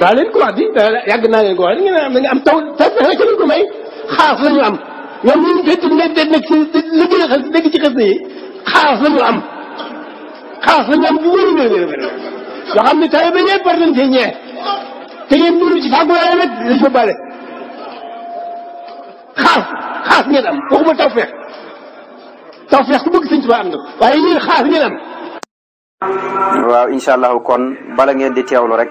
daa leen ko wax di yàgg naa leen ko wax di ngeen am da nga am taw taw xaas la ñu am ñoom ñun fekk nekk a xas ci xas na xaas la ñu am xaas la ñu am bu wér wér ngeen dund ci fàggu waaye nag dañ ko bale xaas ngeen am waxuma taw feex taw feex ku bëgg sëñ Tuubaa xaas ngeen am waaw incha kon bala ngeen di teewlu rek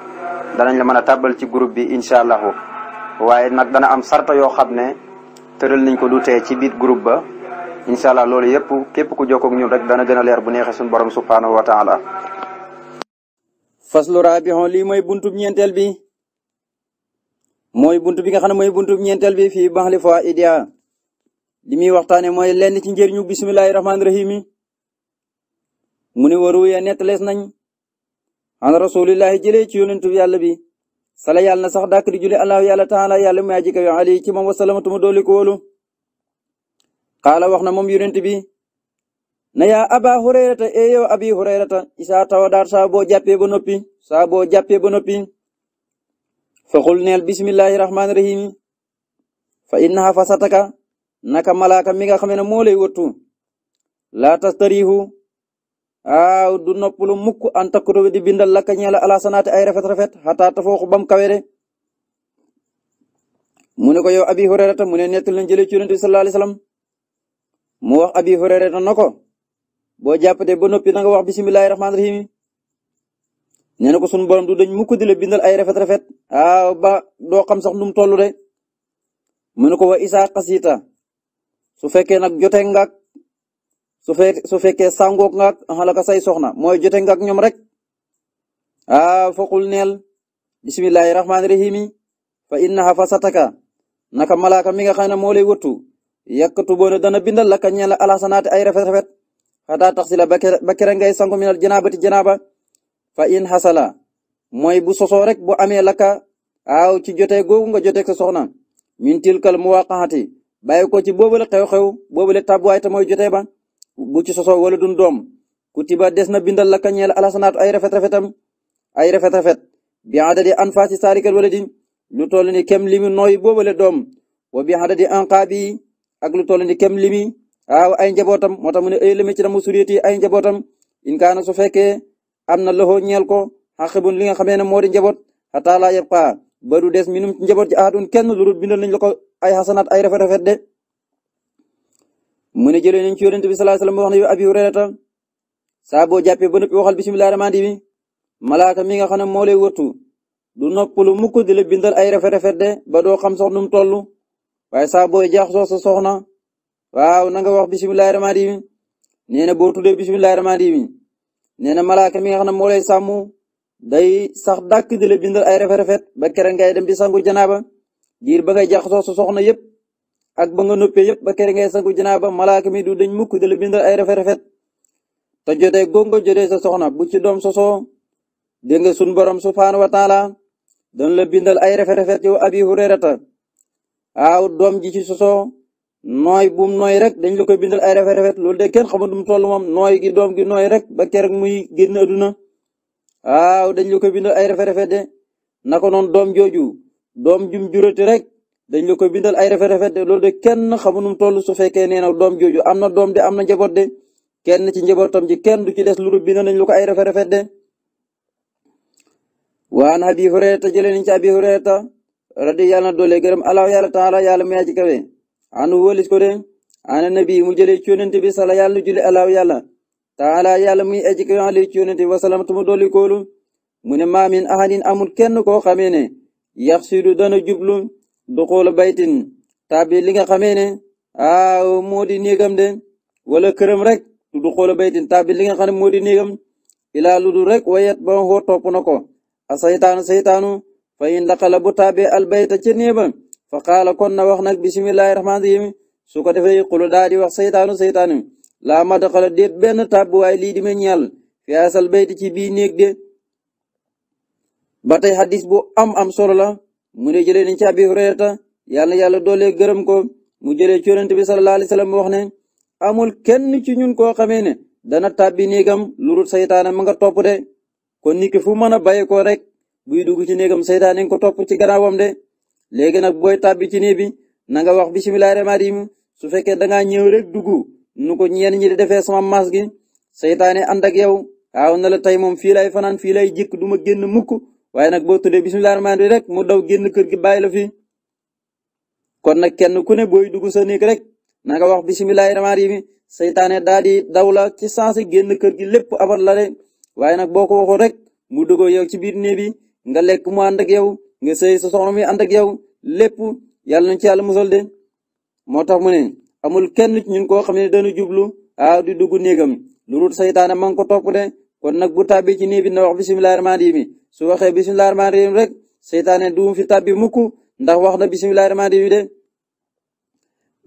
danañ la mën a tàbbal ci groupe bi incha allahu waaye nag dana am sarta yoo xam ne tëral nañ ko du tee ci biir groupe ba incha loolu yëpp képp ku jokkoo ak ñun rek dana gën a leer bu neexee suñu borom subhaanahu wa taala faslu raabihon lii mooy buntub ñeenteel bi mooy buntu bi nga xam ne mooy buntub ñeentel bi fii baxli fa idia li muy waxtaane mooy lenn ci njëriñu bismillahi rahmaani rahim mu ne waru ya nettalees nañ an rasulillahi jëlee ci yonentu yàlla bi sala yàlla na sax dàkk di julli allahu yàlla taala yàlla mu aji kawe ali ci moom ma dooli ko wóolu xaala wax na moom yonent bi na yaa aba hurayrata e yow abi hurayrata isaa tawadaat saa boo jàppee ba noppi saa boo jàppee ba noppi faxul neel bismillahi rahmaani rahim fa innaha fasataka naka malaaka mi nga xam ne moo lay wëttu tastarihu aaw du noppalu mukk an takkutu di bindal lakka ñeela ala sanaati ay rafet rafet xataa tafooxu bam kawe de ne ko yow abi hurayrata mu ne nettal nañ jële ci yonent bi sallallahu alayhi mu wax abi hurayrata na ko boo jàppatee ba noppi na wax bismillahi rahmaani rahim nee na ko sunu borom du dañ mukk di bindal ay rafet rafet aaw ba doo xam sax nu mu toll de mu ne ko wa isa xasita su fekkee nag jotee ngak su fe su fekkee sàngoog nga xalaka say soxna mooy jote nga ak ñoom rek ah, a foqul neel bismillahi rahmaani rahimi fa innaha fasataka naka malaaka mi nga xam ne moo lay wëttu yàkkatu boona dana bindal laka ñeel alasanaati ay rafet rafet xataa tax si la ba kere ngay sangu minal janaabati janaaba fa in xasala mooy bu sosoo rek bo amee laka aaw ci jote googu nga jote sa soxna min tilkal muwaqaati bàyyi ko ci boobale xew-xew boobale tàbbuwaay te mooy jotee ba bu ci sosoo wala dun doom kutiba des na bindal la ka ñeel alasanaatu ay rafet rafetam ay rafet rafet bi adadi anfaasi saarikat wala di lu toll ni kem limi nooy boobale doom wa bi adadi anqaabi ak lu toll ni kem limi waaw ay njabootam moo tax mu ne ay limi damu suriyati ay njabootam in kaana su fekkee am na loxo ñeel ko xaqibun li nga xamee ne moo di njaboot xataa laa yabqa ba du des minum njaboot ci aadun kenn lu dul bindal nañ la ko ay xasanaat ay rafet rafet de mu ne jëlee nañ ci yonent bi sallallahu alayhi wasallam wax na yow abi hurayrata saa boo jàppee ba noppi waxal bismillahi rahmaani rahim mi nga xam ne moo lay wërtu lu noppalu mukk di la bindal ay rafet-rafet de ba doo xam sox num toll waaye saa booy jaaxasoo sa soxna waw na nga wax bismillahi rahmaani rahim nee na boo tuddee bismillahi rahmaani na malaaka mi nga xam ne moo lay day sax dàkk di la bindal ay rafet-rafet ba kere ngay dem di sangu janaaba diir ba ngay jaaxasoo sa soxna yépp ak ba nga noppee yëpp ba kere ngay sangu janaaba malaaka mi du dañ mukk da la bindal ay rafet rafet te jotee gongo jotee sa soxna bu ci doom sosoo dégg nga sun borom subhaanahu wa taala la bindal ay rafet rafet yow abi hurayrata aaw doom ji ci sosoo nooy bum nooy rek dañ la koy bindal ay rafet rafet loolu de kenn xamul nu mu toll moom gi nooy rek ba kere muy génn aduna aaw dañ la koy bindal ay rek. dañ la koy bindal ay rafet rafet de loolu de kenn xamu nu mu toll su fekkee nee doom jooju am na doom de am na njaboot kenn ci njabootam ji kenn du ci des lu dul nañ la ko ay rafet rafet de. waan abi hurayrata jëlee nañ ci abi hurayrata radi yàlla na doole gërëm alaaw yàlla taala yàlla mu yaa ci kawe anu wëlis ko de ana nabi mu jëlee ci yonent bi sala yàlla nu julli alaaw yàlla taala yàlla muy aji kawe ali ci yonent bi wasalaam tumu dolli koolu mu ne maamin ahadin amul kenn ko xamee ne yaxsidu dana jublu duxula baytin tàbbi li nga xamee ne ah moo di néegam de wala këram rek duxula baytin tàbbi li nga xam ne moo di néegam ilaa ludul rek wayet ba xoo topp na ko a saytaanu saytaanu fa in daxala bu tàbbi albayta ca néeba fa qaala kon na wax nag bisimilahi rahmaani rahim su ko defee qul daa di wax seytaanu saytaanu laa ma daxala déet benn tàbb lii di ma ñeel fi asal bayti ci bii néeg de ba tey xadis bu am am solo la mu ne jëlee nañ ci abi hurayrata yàlla yàlla doolee gërëm ko mu jëlee ci yonent bi sallallahu alayhi wasallam wax ne amul kenn ci ñun koo xamee ne dana tàbbi néegam lurut saytaane ma nga topp de kon nit ki fu mën a bàyyi ko rek buy dugg ci néegam saytaane nga ko topp ci gannaawam de léegi nag booy tàbbi ci néeg bi na nga wax bismillahi rahmaani rahim su fekkee da ngaa ñëw rek dugg nu ko ñenn ñi di defee sama mas gi saytaane ànd ak yow aaw na la tey moom fii lay fanaan fii lay jikk du ma génn mukk waaye nag boo tuddee bisimilah rahmaan bi rek mu daw génn kër gi bàyyi la fi kon nag kenn ku ne booy dugg sa néeg rek na nga wax bisimilah rahmaan bi seytaane daal di daw la ci saasi génn kër gi lépp abat la de waaye nag boo ko waxoon rek mu dugg yow ci biir néeg bi nga lekk mu ànd ak yow nga sëy sa soxna mi ànd ak yow lépp yàlla nañ ci yàlla musal de moo tax mu ne amul kenn ci ñun koo xam ne dana jublu a ah, di dugg néegam lu dul seytaane ma ngi ko topp de. kon nag bu tàbbi ci nii bi na wax bisimilah rahmaani rahim su waxee bisimilah rahmaani rek seytaane duum fi tàbbi mukk ndax wax na bisimilah rahmaani rahim de.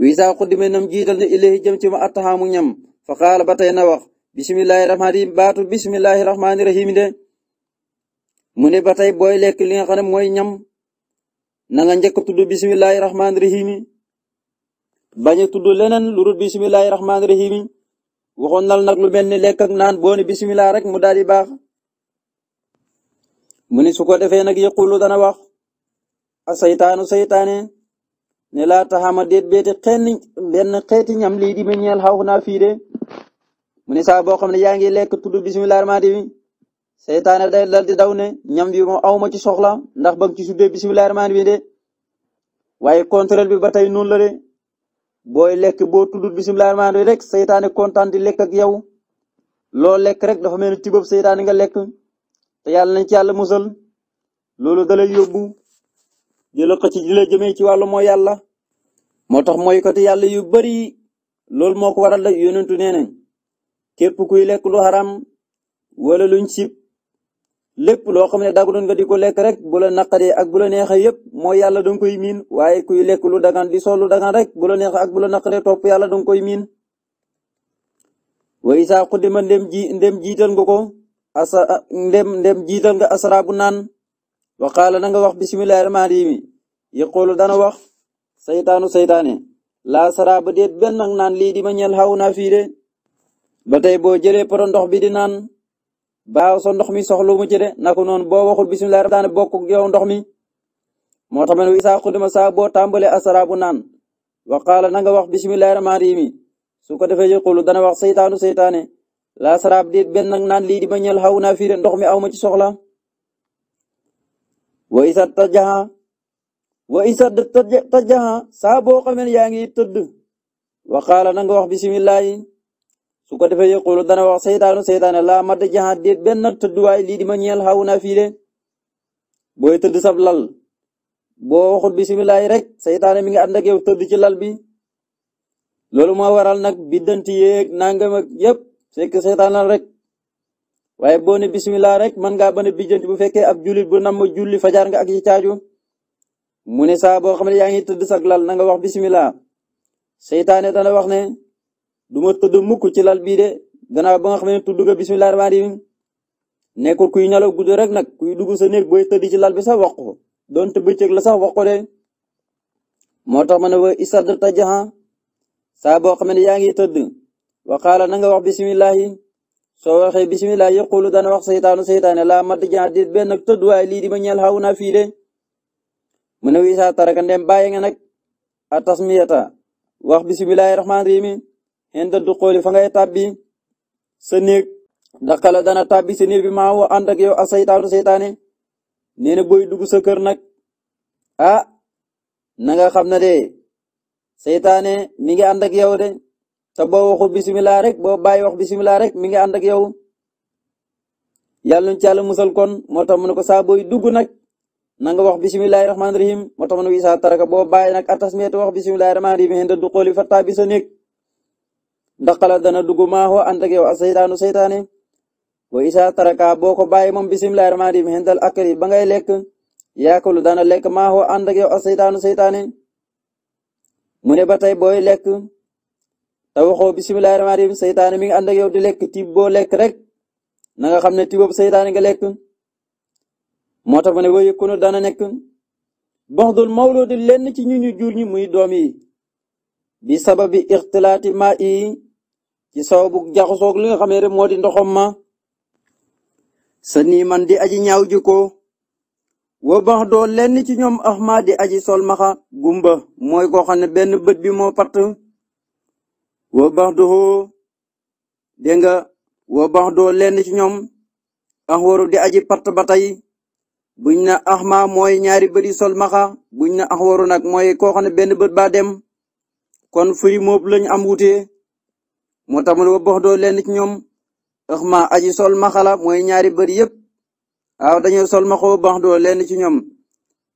wiisa xuddime nam jiital ne ilayhi jëm ci ma attaxaamu ñam fa xaala ba tey na wax bisimilahi rahmaani rahim de. mu ne ba tey booy lekk li nga xam ne ñam na nga njëkk tudd bisimilahi rahmaani rahim bañ a tudd leneen lu dul bisimilahi rahmaani rahim waxoon nal nag lu mel ni lekk ak naan boo ne bisimilah rek mu daal di baax mu ni su ko defee nag yaqulu dana wax a saytaanu saytaane ne laa taxama déet beete xenn benn xeeti ñam lii di ma ñeel xaw naa fii de mu ne saa boo xam ne yaa ngi lekk tudd bisimilah rahmaani bi saytaane day dal di daw ne ñam bi awma ci soxla ndax ba nga ci suddee bisimilah rahmaani bi de waaye contrôle bi ba tey noonu la de booy lekk boo tuddut bisimilah rahmaani rahim rek seytaane kontaan di lekk ak yow loo lekk rek dafa mel ni ci bopp seytaane nga lekk te yàlla nañ ci yàlla musal loolu dalay yóbbu jëla ko ci di la ci wàllu mooy yàlla moo tax mooykati yàlla yu bari loolu moo ko waral la yónentu nee nañ képp kuy lekk lu haram wala luñ sib lépp loo xam ne daggaloon nga di ko lekk rek bu la ak bu la neexee yëpp mooy yàlla danga koy miin waaye kuy lekk lu dagan di sol dagan rek bu la ak bu la naqaree topp yàlla danga koy miin. way saa xuddima ndem ji ndem jiital nga ko asa ndem ndem jiital nga a bu naan waxaala na nga wax bisimilahi rahmaan rahim yëqoolu dana wax saytaanu saytaane laa sara ba déet benn ak naan lii di ma ñel xaw naa fii de ba tey ndox bi di baaw sa ndox mi soxlu mu ci de naka noonu boo waxul bisimilah daan bokk yow ndox mi moo tax ma ne isaa xudima saa boo tàmbalee asara bu naan wa qaala na nga wax bisimilah rahmaan rahim su ko defee yëqulu dana wax saytaanu saytaane laa saraab déet benn naan lii ñeel xaw na fii ndox mi aw ma ci soxla wa isa tajaha wa isa tajaha saa boo xamee yaa ngi tëdd wa qaala wax bisimilah su ko defee yaqulu dana wax seytaanu seytaane laa ma da jaxaat déet tëdd waay lii di ma ñeel xaw naa fii de booy tëdd sab lal boo waxut bisimilaay rek seytaane mi ngi ànd ak yow tëdd ci lal bi loolu moo waral nag biddanti yeeg nangam ak yëpp fekk seytaan lan rek waaye boo ne bisimilah rek mën ngaa bana biddanti bu fekkee ab jullit bu nam julli fajar nga ak caaju mu ne saa boo xam ne yaa ngi tëdd sag lal na wax bisimilah seytaane dana wax ne du ma tëdd mukk ci lal bii de gannaaw ba nga xam ne tudd nga bisimilah rahmaani rahim nekkul kuy ñalaw gudd rek nag kuy dugg sa néeg booy tëdd ci lal bi sax wax ko donte bëccëg la sax wax de moo tax ma ne wa istardarta jaha saa boo xam ne yaa ngi tëdd waxaala na nga wax bisimilahi soo waxee bisimilah yaqulu dana wax seytaanu seytaane laa mat jaa déet benn nag tëdd waaye lii di ma ñeel xaw naa fii de mu ne wisaa taraka ndem bàyyi nga nag a tasmiyata wax inda du xooli fa ngay tàbbi sa néeg daqala dana tàbbi sa néeg bi ma woo ànd ak yow a saytaanu saytaane nee na booy dugg sa kër nag ah na nga xam ne de saytaane mi ngi ànd ak yow de te boo waxul bisimilah rek bo bàyyi wax bisimilah rek mi ngi ànd ak yow yàlla ñu ci yàlla musal kon moo tax mu ne ko saa dugg nag na nga wax bisimilahi rahmaani rahim moo tax mu taraka boo bàyyi nag atas wax bisimilahi rahmaani rahim xëy na fa tàbbi sa néeg daxala dana dugg maaxoo ànd ak yow asaytaanu saytaane wa isaa taraka boo ko bàyyi moom bisimilahi rahmaani rahim hendal akari ba ngay lekk yaakulu dana lekk maaxoo ànd ak yow asaytaanu saytaane mu ne ba tey booy lekk te waxoo bisimilahi rahmaani rahim saytaane mi ngi ànd ak yow di lekk tiib boo lekk rek na nga xam ne tiib boobu saytaane nga lekk moo tax mu ne wa yakunu dana nekk baxdul mawludi lenn ci ñu ñu jur ñi muy doom yi bi sababi ixtilaati maa yi ci sababu jaxasoog li nga xamee rek moo di ndoxam ma sa nii man di aji ñaaw jiko wo bax doo lenn ci ñoom axma di aji sol maxa gumba mooy koo xam ne benn bët bi moo part wa bax doo dégg nga wo bax doo lenn ci ñoom ax waru di aji part ba tey buñ na axma mooy ñaari bëri sol maxa buñ na ax waru nag mooy koo xam ne benn bët baa dem kon firi moom lañ am wutee moo tax mu ne ba box doo lenn ci ñoom ëx ma aji sol ma xala mooy ñaari bëri yëpp waaw dañoo sol ma xoo box doo lenn ci ñoom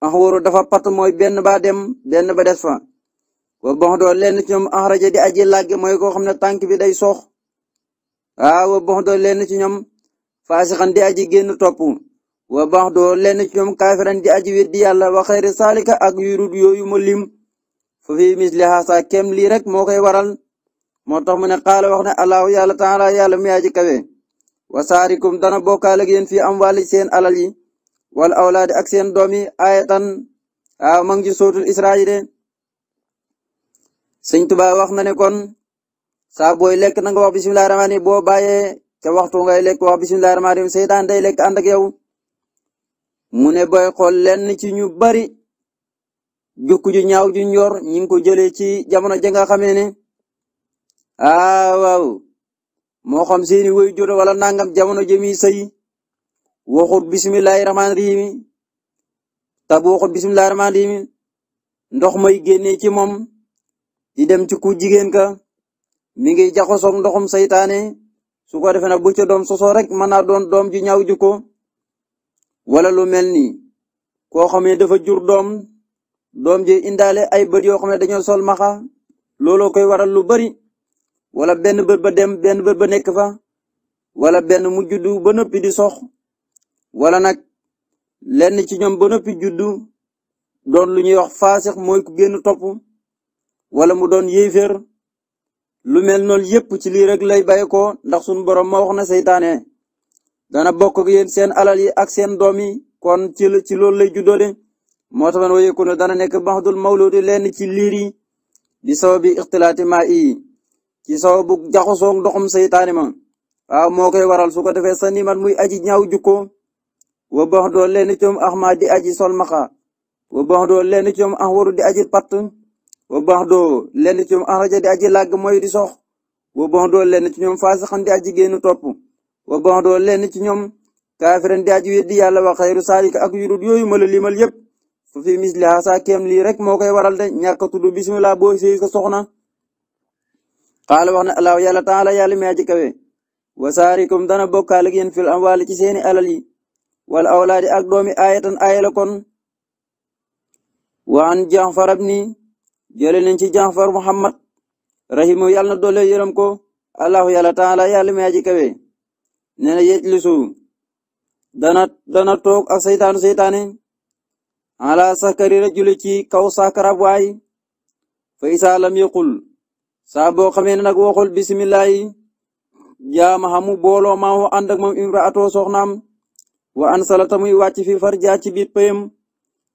ax waru dafa pat mooy benn ba dem benn ba des fa ba box doo lenn ci ñoom ax rajo di aji làgge mooy koo xam ne tànk bi day soox waaw ba box doo lenn ci ñoom faasixan di aji génn topp wa bax doo lenn ci ñoom di aji weddi yàlla wa xayri saalika ak yu rut lim fa fi misli haasa kem lii rek moo koy waral moo tax mu ne xaala wax ne allahu yàlla taala yàlla mu yaa ji kawe wasaarikum dana bokkaale ak yéen fii am wàlli seen alal yi wala awlaadi ak seen doom yi ayatan waaw ma ngi ci de sëñ wax na ne kon saa booy lekk na nga wax bisimilah rahmaani boo bàyyee ca waxtu ngay lekk wax bisimilah rahmaani seytaan day lekk ànd ak yow mu ne booy xool lenn bari jukk ju ñaaw ju ñor ñi ngi ko jëlee ci jamono ja nga xamee ne ah waaw moo xam jur wala nangam jamono jëmi sëy waxut bismillahi rahmaani rahim te bu waxut bismillahi rahmaani ndox may génnee ci moom di dem ci ku jigéen ka mi ngi jaxasoog ndoxum saytaane su ko defee nag bu ca doom sosoo rek mën naa doon doom ju ñaaw ju wala lu mel ni koo xam ne dafa jur doom. doom ji indaale ay bët yoo xam ne dañoo sol maxa looloo koy waral lu bari wala benn bër ba dem benn bër ba nekk fa wala benn mu juddu ba di sox wala nag lenn ci ñoom ba noppi juddu doon lu ñuy wax faasix mooy ku génn topp wala mu doon yéeféer lu mel noonu yëpp ci lii rek lay bàyyi ndax sunu borom ma wax na seytaane dana bokk ak yéen seen alal yi ak seen doom yi kon ci ci loolu lay juddoo de moo taxoon wa yakunu dana nekk baxdul mawludi lenn ci liir yi bi sababi ixtilaati maa yi ci sababu jaxasoo ndoxum saytaani ma waaw moo koy waral su ko defee sànni man muy aji ñaaw jukko wa baxdoo lenn coom axmaa di aji sol maxa wa baxdoo lenn coom ax waru di aji patt wa lenn coom axraja di aji làgg mooy di sox wa baxdoo lenn ci ñoom faasixan di aji génn topp wa baxdoo lenn ci ñoom kaafiran di aji weddi yàlla wa xayru saalika ak yurut yooyu ma la limal su fi misliha saa rek moo koy waral de ñàkk a tudd bisimilah boo soxna. xaala wax ne allahu yàlla taala yàlla mi aji kawe wasaarikum dana bokkaal ak yéen fil amwaali ci seeni alal yi wala awlaadi ak doomi ayatan aaya la kon wa an jaafar abni jële nañ ci jaafar muhammad rahimu yàlla na doole yërëm ko allahu yàlla taala yàlla mi aji kawe nee na dana dana toog ak seytaanu seytaane ala sakari rajuli ci kaw sakarab waay fa isaa lam yaqul saa boo xamee ne nag waxul bisimilahi jaama xamu booloo maa woo ànd ak moom imraato soxnaam wa an salata muy wàcc fi farja ci biir pëyam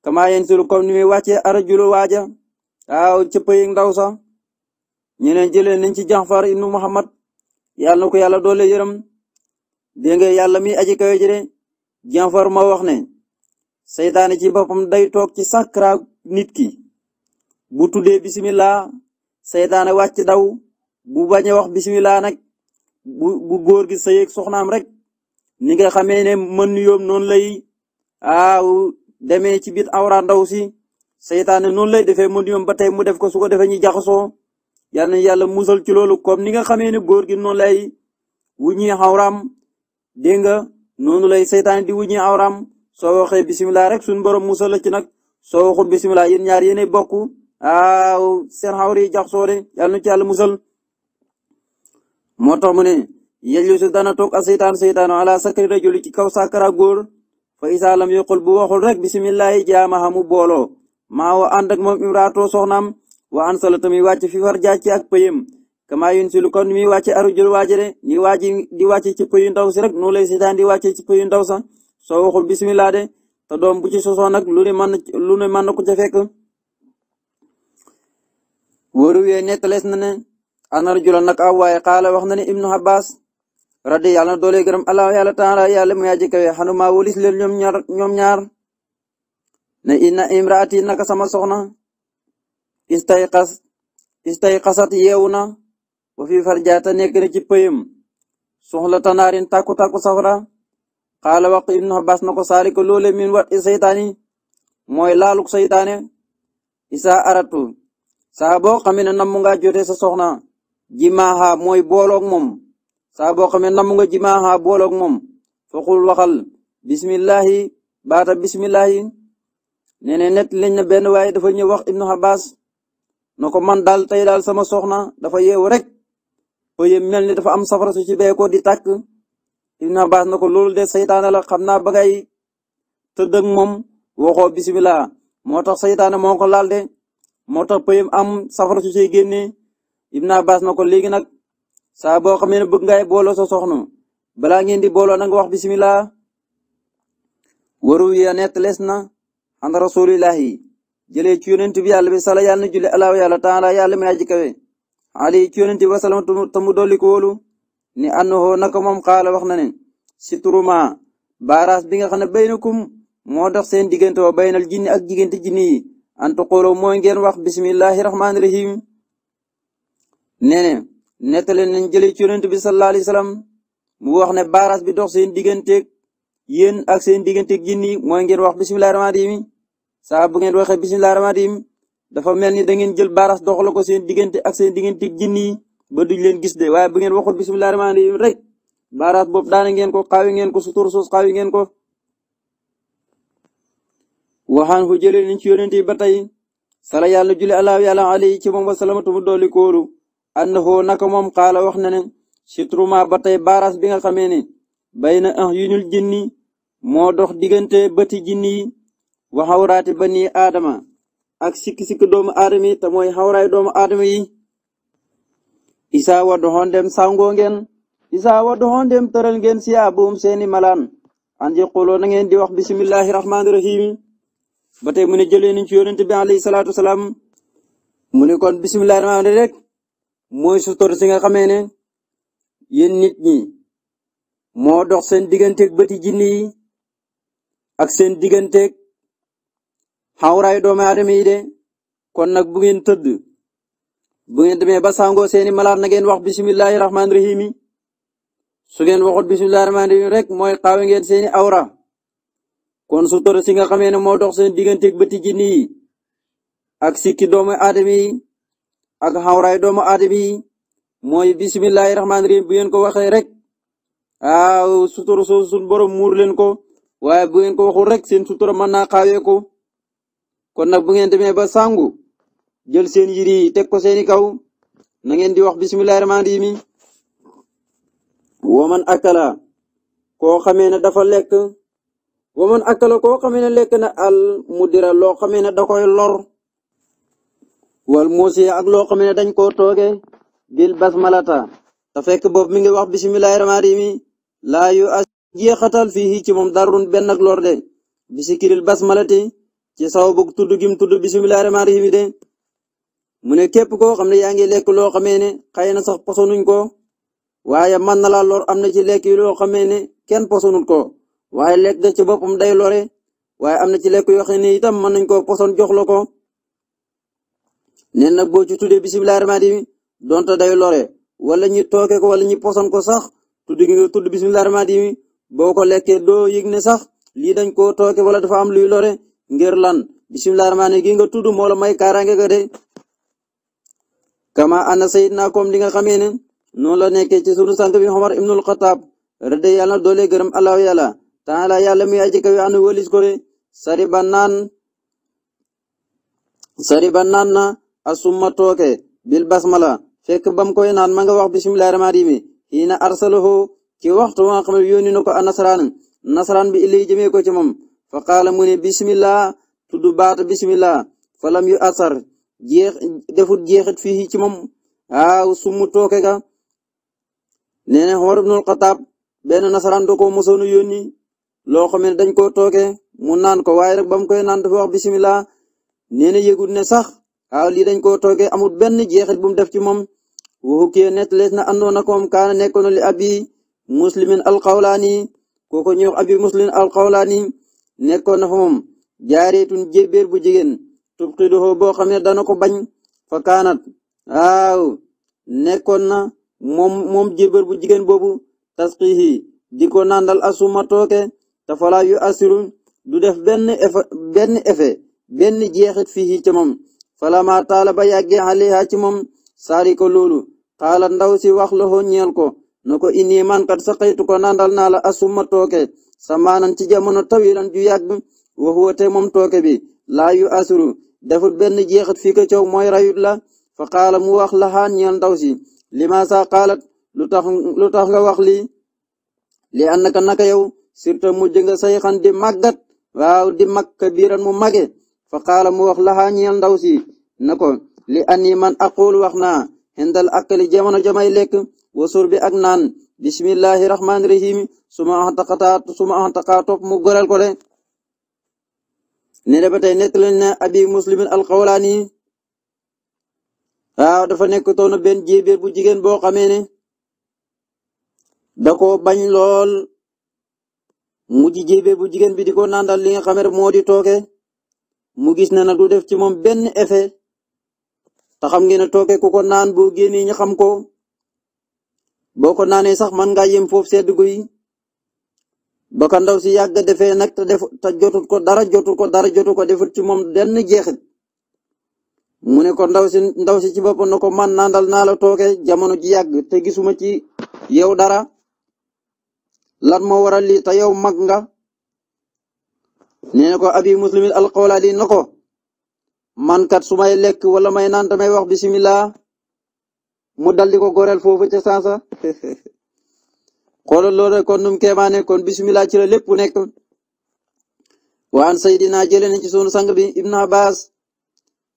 kama yeen sulu comme ni muy wàccee arajulu waaja aaw ca ndaw sa ñeneen jëlee nañ ci Jaafar ibnu Muhammad yàlla na ko yàlla doole yërëm dégg nga yàlla mi aji kawe jëre Jaafar ma wax ne seytaane ci boppam day toog ci sàkkara nit ki bu tuddee bisimilah seytaane wàcc daw bu bañ wax bisimilah nag bu bu góor gi sëyeeg soxnaam rek ni nga xamee ne mën yoom noonu lay aaw demee ci biir awra ndaw si seytaane noonu lay defee mën yoom ba tey mu def ko su ko defee ñu jaxasoo yal na yàlla musal ci loolu kom ni nga xamee ne góor gi noonu lay wuññi awraam dégg nga noonu lay seytaane di wuññi awraam soo waxee bisimilah rek suñu borom musal la ci nag soo waxul bisimilah yéen ñaar yéenay bokk aaw seen xawri yi jax nu ci musal moo tax mu ne yellu su dana toog a seytaan seytaan ala sakri rajuli ci kaw sàkkara góor fa isaa lam yoqul bu waxul rek bisimilah jaama xamu booloo maa wa ànd ak moom imraatoo soxnaam wa an sala tamit wàcc fi war jàcc ak pëyam kamaa yun si lu kon mi wàcce arujul waajere ni waaji di wàcce ci pëyu ndaw si rek nuu lay seytaan di wàcce ci pëyu ndaw sa so waxul bisimilah de te doom bu ci sosoo nag lu ne mën lu ne mën na ko ca fekk. wóoru wee nettalees na ne ana rajula waaye xaala wax na ne ibnu abbas radi yàlla na doole gërëm allah yàlla taala yàlla mu yaaji kawe xanu maa wëlis leen ñoom ñaar ñoom ñaar ne inna imraati naka sama soxna istayqas istayqasat yeewu na wa fi farjaata nekk na ci soxla tanaarin tàkku tàkku safara xaala wax ibnu abbas na ko saali ko loole min wat i seytaani mooy laaluk seytaane isa aratu saa boo xamee ne namm sa soxna jimaaha mooy booloog moom saa boo xamee namm nga jimaaha booloog moom foqul waxal bismillahi baata bismillahi nee ne net lañ na benn waaye dafa ñëw wax ibnu abbas na ko man daal tey daal sama soxna dafa yew rek oye mel ni dafa am safara su ci bee di tàkk Ibn Abbas na ko loolu de saytaane la xam naa ba ngay tëdd ak moom waxoo bisimilah moo tax saytaane moo ko laal de moo tax pëyam am safara su see génnee Ibn Abbas na ko léegi nag saa boo xamee ne bëgg ngay boolo sa soxna balaa ngeen di booloo na nga wax bisimilah. waru ya nekk les na an rasulillahi jëlee ci yonent bi yàlla bi sala yàlla julli alaahu yàlla taala yàlla mi aji kawe ali ci yonent bi wa salaam te dolli ko wóolu ni annahu naka moom xaala wax na ne si turuma baaraas bi nga xam ne baynakum moo dox seen diggante wa baynal jinni ak diggante jinni yi an tuqulu mooy ngeen wax bismillahi rahmaani rahim nee ne nettali nañ jëlee ci bi sallallahu alayhi wasallam mu wax ne baaraas bi dox seen digganteeg yéen ak seen digganteeg jinni mooy ngeen wax bismillahi rahmaani rahim saa bu ngeen waxee bismillahi rahmaani rahim dafa mel ni da ngeen jël baaraas doxal ko seen diggante ak seen digganteeg jinni ba duñ leen gis de waaye bu ngeen waxul bisimilah rahmaani rahim rek baaraat boobu daana ngeen ko xaawi ngeen ko sutur suus xaawi ngeen ko. waxaan fu jëlee ci yonent ba tey sala yàlla julli alaaw yàlla alayhi ci moom wa salamatu mu dolli kóolu ànd xoo naka moom xaala wax na ne sitruma ba tey baaraas bi nga xamee ne bay na ah yunul jinni moo dox diggante bati jinni yi wa ba nii aadama ak sikki-sikki doomu aadama yi te mooy xawraay doomu aadama yi isaa waddu hondem sangoo ngeen isaa waddu hondem tëral ngeen si aabuum seeni malaan an jequloo na ngeen di wax bisimillahi rahmaani rahim ba tey mu ne jëlee nañ ci yonent bi alayhi salaatu wasalaam mu ne kon bisimillahi rahmaani rek mooy sutur si nga xamee ne nit ñi moo dox seen digganteeg bëti jinni yi ak seen digganteeg xawraay doomu aadama yi de kon nag bu tëdd bu ngeen ba sangoo seeni malaat na ngeen wax bisimilahi rahmaani rahim su ngeen waxut bisimilahi rahmaani rahim rek mooy xaawe ngeen seeni awra kon sutura si nga xamee ne moo dox seen digganteeg bëti jinni ak siki doomu aadama yi ak xawraay doomu aadama yi mooy bisimilahi rahmaani rahim bu ngeen ko waxee rek aaw sutura soo suñ borom muur leen ko waaye bu ngeen ko waxul rek seen sutura mën naa xaawee ko kon nag bu ngeen demee ba sangu. jël seen yiri yi teg ko seeni kaw na ngeen di wax bismillahi rahmaani rahimi waman akala koo xamee ne dafa lekk waman akala koo xamee ne lekk na al mudira loo xamee ne da koy lor wal muusi ak loo xamee ne dañ koo tooge bil basmalata te fekk boobu mi ngi wax bismillahi rahmaani rahimi laa a as jeexatal fii ci moom darun benn ak lor de bisikiril basmalati ci saw bug tudd gim tudd bismillahi ma rahimi de mu ne képp koo xam ne yaa ngi lekk loo xamee ne xëy na sax posonuñ ko waaye mën na laa lor am na ci lekk yi loo xamee ne kenn posonul ko waaye lekk ga ci boppam day lore waaye am na ci lekk yoo xam ne itam mën nañ koo poson jox la ko. nee na boo ci tuddee bisimilah rahmaani bi donte day lore wala ñi tooke ko wala ñi poson ko sax tudd gi nga tudd bisimilah rahmaani bi boo ko lekkee doo yëg ne sax lii dañ koo tooke wala dafa am luy lore ngir lan bisimilah rahmaani gi nga tudd moo la may kaaraange ga de. kama ana sayidna comme li nga xamee ne noonu la nekke ci sunu sànq bi Omar ibnul Xataab rëdd yàlla doole gërëm allahu yàlla taala yàlla muy aji kawe anu wëlis ko sari ba naan sari ba naan na asuma tooke bil basmala fekk bam koy naan ma nga wax bismillahi rahmaani rahiim hiina arsalahu ci waxtu wa nga xam ne na ko a nasaraan nasaraan bi illay jëmee ko ci moom fa qaala mu ne bismillah tudd baat bismillah falam yu asar jeex defut jeexit fii ci moom waaw su mu tooke ga nee na Umar ibnul Xataab benn nasaraan da koo mosoon a loo xam dañ koo tooke mu naan ko waaye rek ba mu koy naan dafa wax bisimilah nee na ne sax waaw lii dañ ko tooke amul benn jeexit bu mu def ci moom waxu kee nettalees na àndoon ak moom kaana nekkoon li abi muslimin alxawlaani kooku ñuy wax abi muslimin alxawlaani nekkoon na fa moom jaareetun jébbeer bu jigéen. tubxiduhu boo xam ne dana ko bañ fa kaanat waaw nekkoon na moom moom jébër bu jigéen boobu tasqihi di ko nandal asuma tooke te falaa yu asiru du def benn effet benn effet jeexit fii ci moom fala ma taala ba yàggee xaliha ci moom saari ko loolu xaala ndaw si wax loxo ñeel ko na ko inni man kat saqaytu ko nandal naa la asuma tooke samaanan ci jamono tawilan ju yàgg waxuwate moom tooke bi laa yu deful benn jeexit fii ko coow mooy rayut la fa qaala mu wax laxaan ñeel ndaw si lima sa qaalat lu tax lu nga wax lii li annaka naka yow sirta mujj nga say xan di màggat waaw di mag kabiran mu mage fa qaala mu wax laxaa ñeel ndaw si na ko li ani man aqul wax naa xindal akali jamono jamay lekk wasur bi ak naan bismillahi rahmaani rahim suma axtaqataa suma topp mu goral ko nee na ba tey nekk lañ na abi muslimin alxawlaani waaw dafa nekk toon benn jébbéer bu jigéen boo xamee ne da ko bañ lool mujj jébbéer bu jigéen bi di ko nandal li nga xam ne moo di tooke mu gis na na du def ci moom benn effet te xam ngeen ne tooke ku ko naan boo génnee ñu xam ko boo ko naanee sax man nga yem foofu sedd guy ba ndaw si yàgg defe nag te def jotul ko dara jotul ko dara jotul ko defut ci moom benn jeexit mu ne ko ndaw si ndaw si ci boppam na ko man nandal naa la tooke jamono ji yàgg te gisuma ci yow dara lan moo waral lii te yow mag nga nee na ko abi muslimin alqawlaali na ko man kat su may lekk wala may naan damay wax bisimilah mu dal di ko goreel foofu xoolal loolu kon num kéemaane kon bisimilah ci la lépp nekk waan saydina jëlee nañ ci sunu sang bi ibnu abbas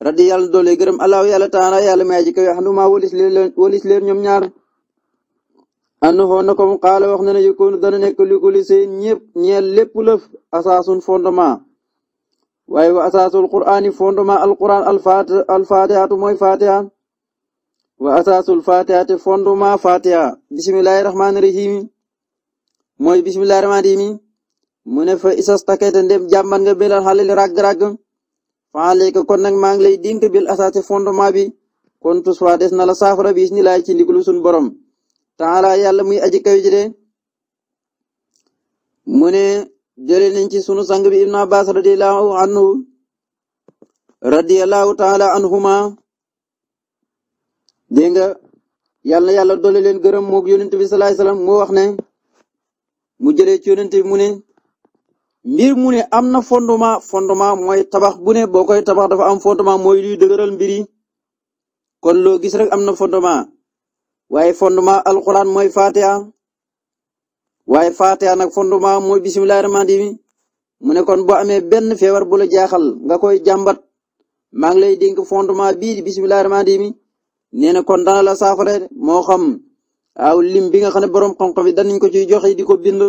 radi yàlla doole gërëm allahu yàlla taala yàlla may ji kawe xanu walis leen walis leen ñoom ñaar ann xoon na xaala wax na ne yëkkoonu dana nekk li ko li ñeel lépp lëf asaasun fondement waaye wa asaasul quraani fondement alquran alfatihatu mooy fatiha wa asaasul fatihati fondement fatiha bismillahi rahmaani rahim mooy bisimilah rahmaani rahim mu ne fa isas takkayta ndem jàmbat nga bilal xalil ràgg-ràgg kon nag maa ngi lay dénk bil asaasi fondement bi kon tuswa des na la saafara bi ni laay ci ndiglu suñu borom taala yàlla muy aji kaw de mu ne nañ ci sunu sang bi ibnu abbas radiyallahu anhu radiyallahu taala anhuma dégg nga leen gërëm moog yonent bi salaay salaam moo wax ne mu jëlee ci yonent bi mu ne mbir mu ne am na fondement fondement mooy tabax bu ne boo koy tabax dafa am fondement mooy luy dëgëral mbir yi kon loo gis rek am na fondement waaye fondement alxuraan mooy fatiha waaye fatiha nag fondement mooy bisimilah rahmaani rahim mu ne kon boo amee benn feebar bu la jaaxal nga koy jàmbat maa ngi lay dénk fondement bii di bisimilah rahmaani kon dana la saafara moo aw lim bi nga xam ne borom xam-xam yi danañ ko ciy joxe di ko bind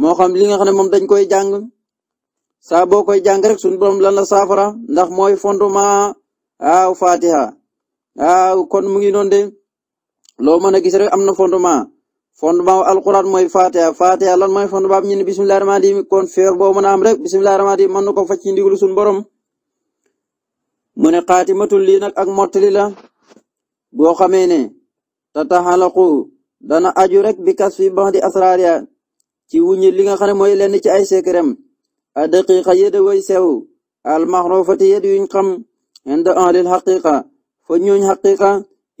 moo xam li nga xam ne moom dañ koy jàng saa boo koy jàng rek suñu borom lan la saafara ndax mooy fondement waaw fatiha waaw kon mu ngi noonu de mën a gis rek am na fondement fondement wu alquran mooy fatiha fatiha lan mooy fondement am ñu ne bisimilah rahmaani rahim kon feer boo mën a am rek bisimilah rahmaani ma mën na ko faj ci ndigalu suñu borom. mu ne xaatimatul lii nag ak mottali la boo xamee ne. tataxalaqu dana aju rek bi fi bax di ci wuñi li nga xam ne mooy lenn ci ay sekkerem a daqiqa yëda way sew al maxrufati yëd yuñ xam inda ahlil xaqiqa fa ñooñ xaqiqa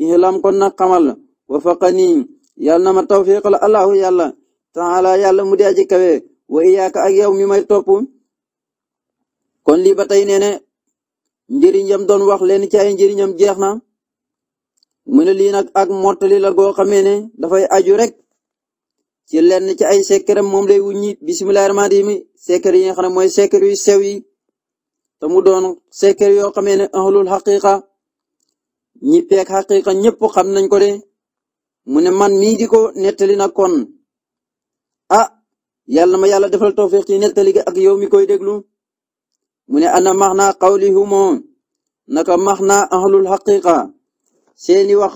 ihlam kon na xamal wa faqani yàlla na ma tawfiqal allahu yàlla taala yàlla mu di aji kawe wa iyaaka ak yow mi may topp kon lii ba tey nee ne njëriñam doon wax lenn ci ay njëriñam jeex na mu ne lii nag ak mottali la goo xamee ne dafay aju rek ci lenn ci ay sekkeram moom lay wuññi bisimilah rahmaani rahim sekkere yi nga xam ne mooy sekkere sew yi te mu doon sekkere yoo xamee ne ahlul xaqiqa ñi peeg xaqiqa ñëpp xam nañ ko de mu ne man mii di ko nettali nag kon a ah, yàlla ma yàlla defal tawfiq ci nettali gi ak yow mi koy déglu mu ne ana max naa xawli humo naka max naa ahlul xaqiqa seeni wax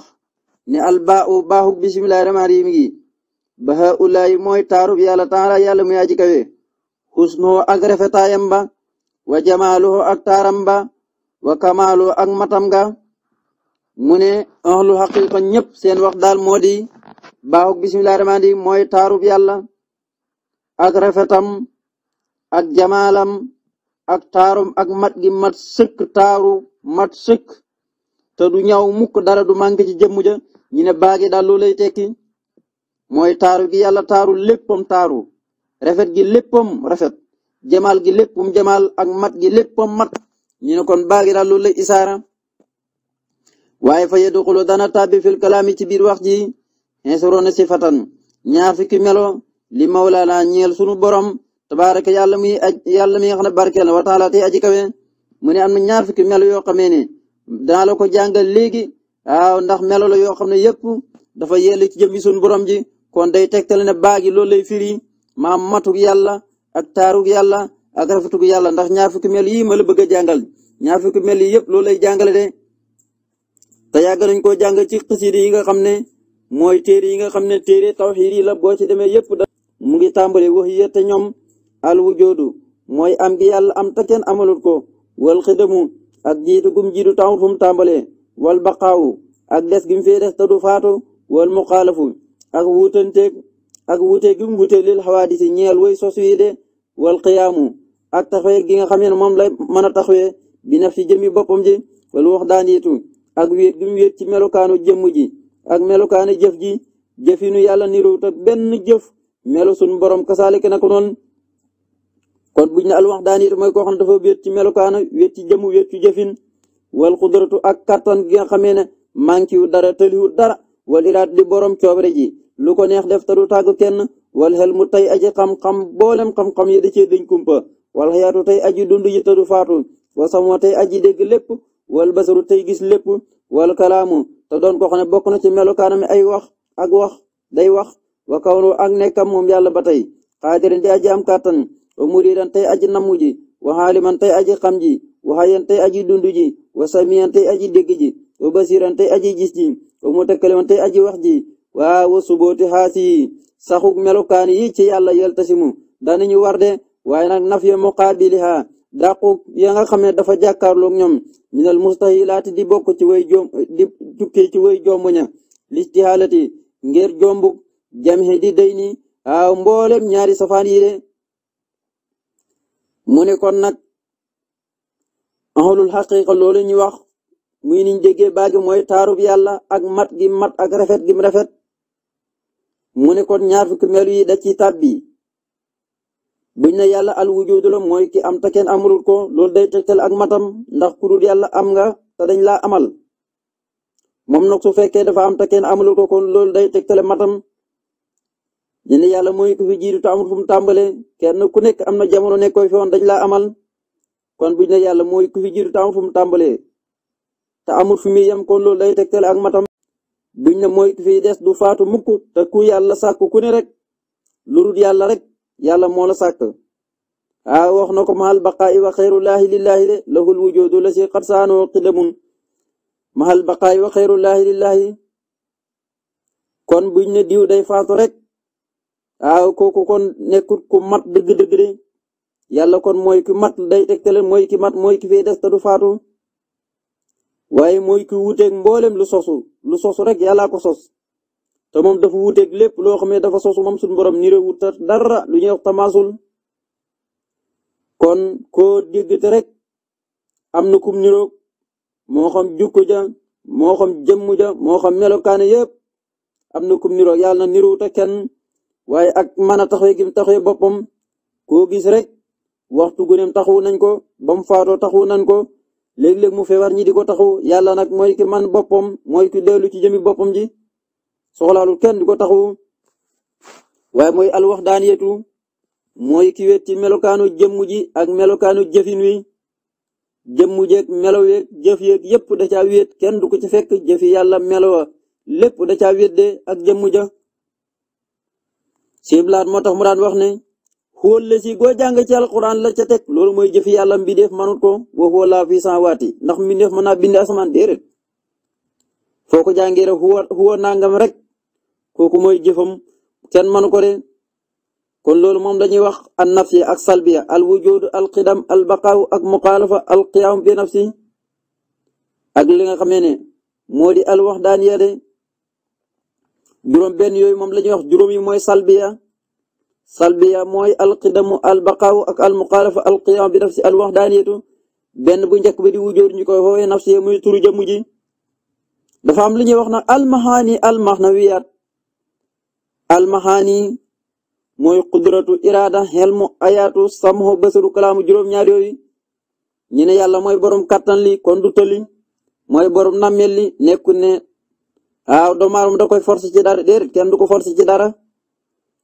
ne albaahu baaxug bisimilahi rahmaani rahiim gi baha ulay mooy taarub yàlla taala yàlla mu yaa kawe xusnoo ak rafetaayam ba wa jamaaluhu ak taaram wa kamaaluhu ak matam ga mu ne ahlu xaqiqa ñëpp seen wax daal moo di baaxug bisimilahi rahmaani taarub yàlla ak rafetam ak jamaalam ak taarum ak mat gi mat sëkk taaru mat sëkk te du ñaw mukk dara du mànk ci jëmm ja ñu ne baagi daal lay tekki mooy taaru gi yàlla taaru léppam taaru rafet gi léppam rafet jamaal gi léppam jamaal ak mat gi léppam mat ñu ne kon baagi daal loo lay isaara waaye fa yadxulu dana tàbbi fil ci biir wax ji insuroona sifatan ñaar fukki melo li mawlaana ñeel sunu borom tabaaraka yàlla muy yàlla mi nga xam ne barkeel na wa taala tey aji kawe am na ñaar fukki melo yoo xamee ne danaa la ko jàngal léegi waaw ndax melo la yoo xam ne yëpp dafa yell ci jëm yi suñu borom ji kon day tegtale ne baag yi loolu lay firi maam matuk yàlla ak taarug yàlla ak rafetug yàlla ndax ñaar fukki mel yi ma la bëgg a jàngal ñaar fukki mel yi yëpp loolu lay jàngale de te yàgg nañ koo jàng ci xasida yi nga xam ne mooy téere yi nga xam ne téere tawxiid yi la boo ci demee yëpp da mu ngi tàmbale wax yi te ñoom al wujoodu mooy am gi yàlla am te kenn amalut ko wal xidamu ak jiitu gum jiitu taxut fu wal baqaawu ak des gi mu fee des te du faatu wal muxaalafu ak wuutanteeg ak wuute gi mu wuute lil xawaadisi ñeel way sos yi de wal xiyaamu ak taxawee gi nga xam ne moom lay mën a taxawee bi naf si jëmi boppam ji wal wax daan yitu ak wéet gi mu wéet ci melokaanu jëmm ji ak melokaanu jëf ji jëfinu yàlla niru te benn jëf melu sun borom kasaalika nako noonu kon buñ ne alwax daan it mooy koo xam dafa wéet ci melokaana wéet ci jëmu wéet ci jëfin wal xudratu ak kattan gi nga xamee ne mankiwu dara tëliwu dara wal iraat di borom coobare ji lu ko neex def te du tàgg kenn wal xel mu tey aji xam-xam boolem xam-xam yi da cee dañ kumpa wal xayaatu tey aji dund ji te du faatu wasamoo tey aji dégg lépp wal basaru tey gis lépp wal kalaamu te doon koo xam ne bokk na ci melokaanam ay wax ak wax day wax wa kaw ak nekkam moom yàlla ba tey xaadirin di am kattan wa muridan aji namu ji wa xaaliman tey aji xam ji wa xayan aji dund ji wa samiyan tey aji dégg ji wa basiran tey aji gis ji wa aji wax ji waa wa subooti xaasi yi saxuk melokaan yi ci yàlla yeltasimu danañu war de waaye nag naf ya muqaabiliha dàqu ya nga xam ne dafa jàkkaarloog ñoom minal mustahilaati di bokk ci way joom di tukkee ci way jomb ña listihaalati ngir jombuk jamhe di day ni waaw ñaari safaan yi mu ne kon nag ahlul xaqiqa loolu ñu wax muy niñ déggee baagi mooy taarub yàlla ak mat gi mat ak rafet gim rafet mu ne kon ñaar fukki melu yi da ci tàbbi buñ ne yàlla al wujudu la mooy ki am te kenn amulul ko loolu day tegtal ak matam ndax ku dul yàlla am nga te dañ laa amal moom nag su fekkee dafa am te kenn amulul ko kon loolu day tegtale matam ñu ne yàlla mooy ku fi jiitu te amul fu mu tàmbalee kenn ku nekk am na jamono nekkoy fi woon dañ laa amal kon buñ ne yàlla mooy ku fi jiitu te amul fu mu tàmbalee te amul fu muy yem kon loolu day tegtal ak matam buñ ne mooy ku fi des du faatu mukk te ku yàlla sàkk ku ne rek lu dul yàlla rek yàlla moo la sàkk a wax na ko mahal baqaa'i wa xayrullaahi lillaahi de lahul wujuudu la si xarsaanoo qidamun mahal baqaa'i wa xayrullaahi lillaahi kon buñ ne diw rek waaw kooku kon nekkut ku mat dëgg-dëgg de yàlla kon mooy ki mat day tegtale mooy ki mat mooy ki fee des te du faatu waaye mooy ki wutek mboolem lu sosu lu sosu rek yàllaa ko sos te moom dafa wuuteeg lépp loo xam ne dafa sosu moom suñu borom niree wut dara lu ñuy wax tamaasul kon koo dégg am na kum niroog moo xam jukku moo xam moo xam melokaane yëpp na kum niroog yàlla na niru waaye ak mën a taxawee gim taxawee boppam koo gis rek waxtu guneem taxawu nañ ko ba mu faatoo taxawu nañ ko léeg-léeg mu feebar ñi di ko taxawu yàlla nag mooy ki man boppam mooy ki dellu ci jëmi boppam ji soxlaalul kenn di ko taxawu wax mooy alwaxdaaniyatu mooy ki wet ci melokaanu jëmm ji ak melokaanu jëfin wi jëmm jeeg melo yeeg jëf yeeg yépp da ca wéet kenn du ko ci fekk jëfi yàlla melo wa lépp da caa wéet de ak jëmm ja siblaat moo tax mu daan wax ne xool la si goo jàng ci alquran la ca teg loolu mooy jëfi yàlla mbindeef manut ko wa huwa laa fi samaawaati ndax mbindeef mën naa bind asamaan déedéet foo ko jàngee rek huwa huwa rek kooku mooy jëfam kenn manu ko de kon loolu moom dañuy wax an nafsi ak salbiya al wujud al qidam al baqaaw ak muxaalafa al qiyaam bi nafsi ak li nga xamee ne moo di al waxdaaniya de juróom benn yooyu moom la ñuy wax juróom yi mooy salbiya salbiya mooy alqidamu albaqaaw ak almuxaalafa alqiyaam bi nafsi alwaxdaaniyatu benn bu njëkk bi di wujjóor ñu koy woowee nafsi muy turu jëmm ji dafa am li ñuy wax nag almahaani almaxnawiyaat almahaani mooy qudratu iraada xelmu ayaatu samho basaru kalaamu juróom-ñaar yooyu ñu ne mooy borom kattan li kon mooy borom nammel li waaw ah, doomu aadama da koy force ci dara déedéet kenn du ko force ci dara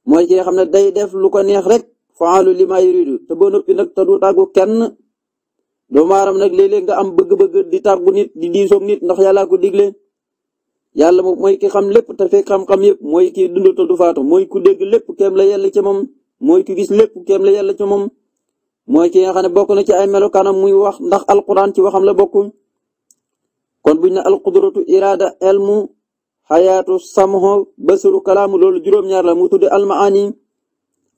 mooy ki nga xam ne day def lu ko neex rek faalu li ma yuridu te ba noppi nag te du tàggu kenn doomu aadama nag léeg nga am bëgg-bëgg di tàggu nit di diisoog ndax yàllaa ko digle yàlla moom mooy ki xam lépp te fekk xam-xam yëpp mooy ki dund te du faatu mooy ku dégg lépp kem la yàlla ci moom mooy ku gis lépp kem la yàlla ci moom mooy ki nga xam ne bokk na ci ay melokaanam muy wax ndax alquran ci waxam la bokk kon buñ ne alqudratu irada elmu xayaatu samho basiru kalaamu loolu juróom-ñaar la mu tudde almaani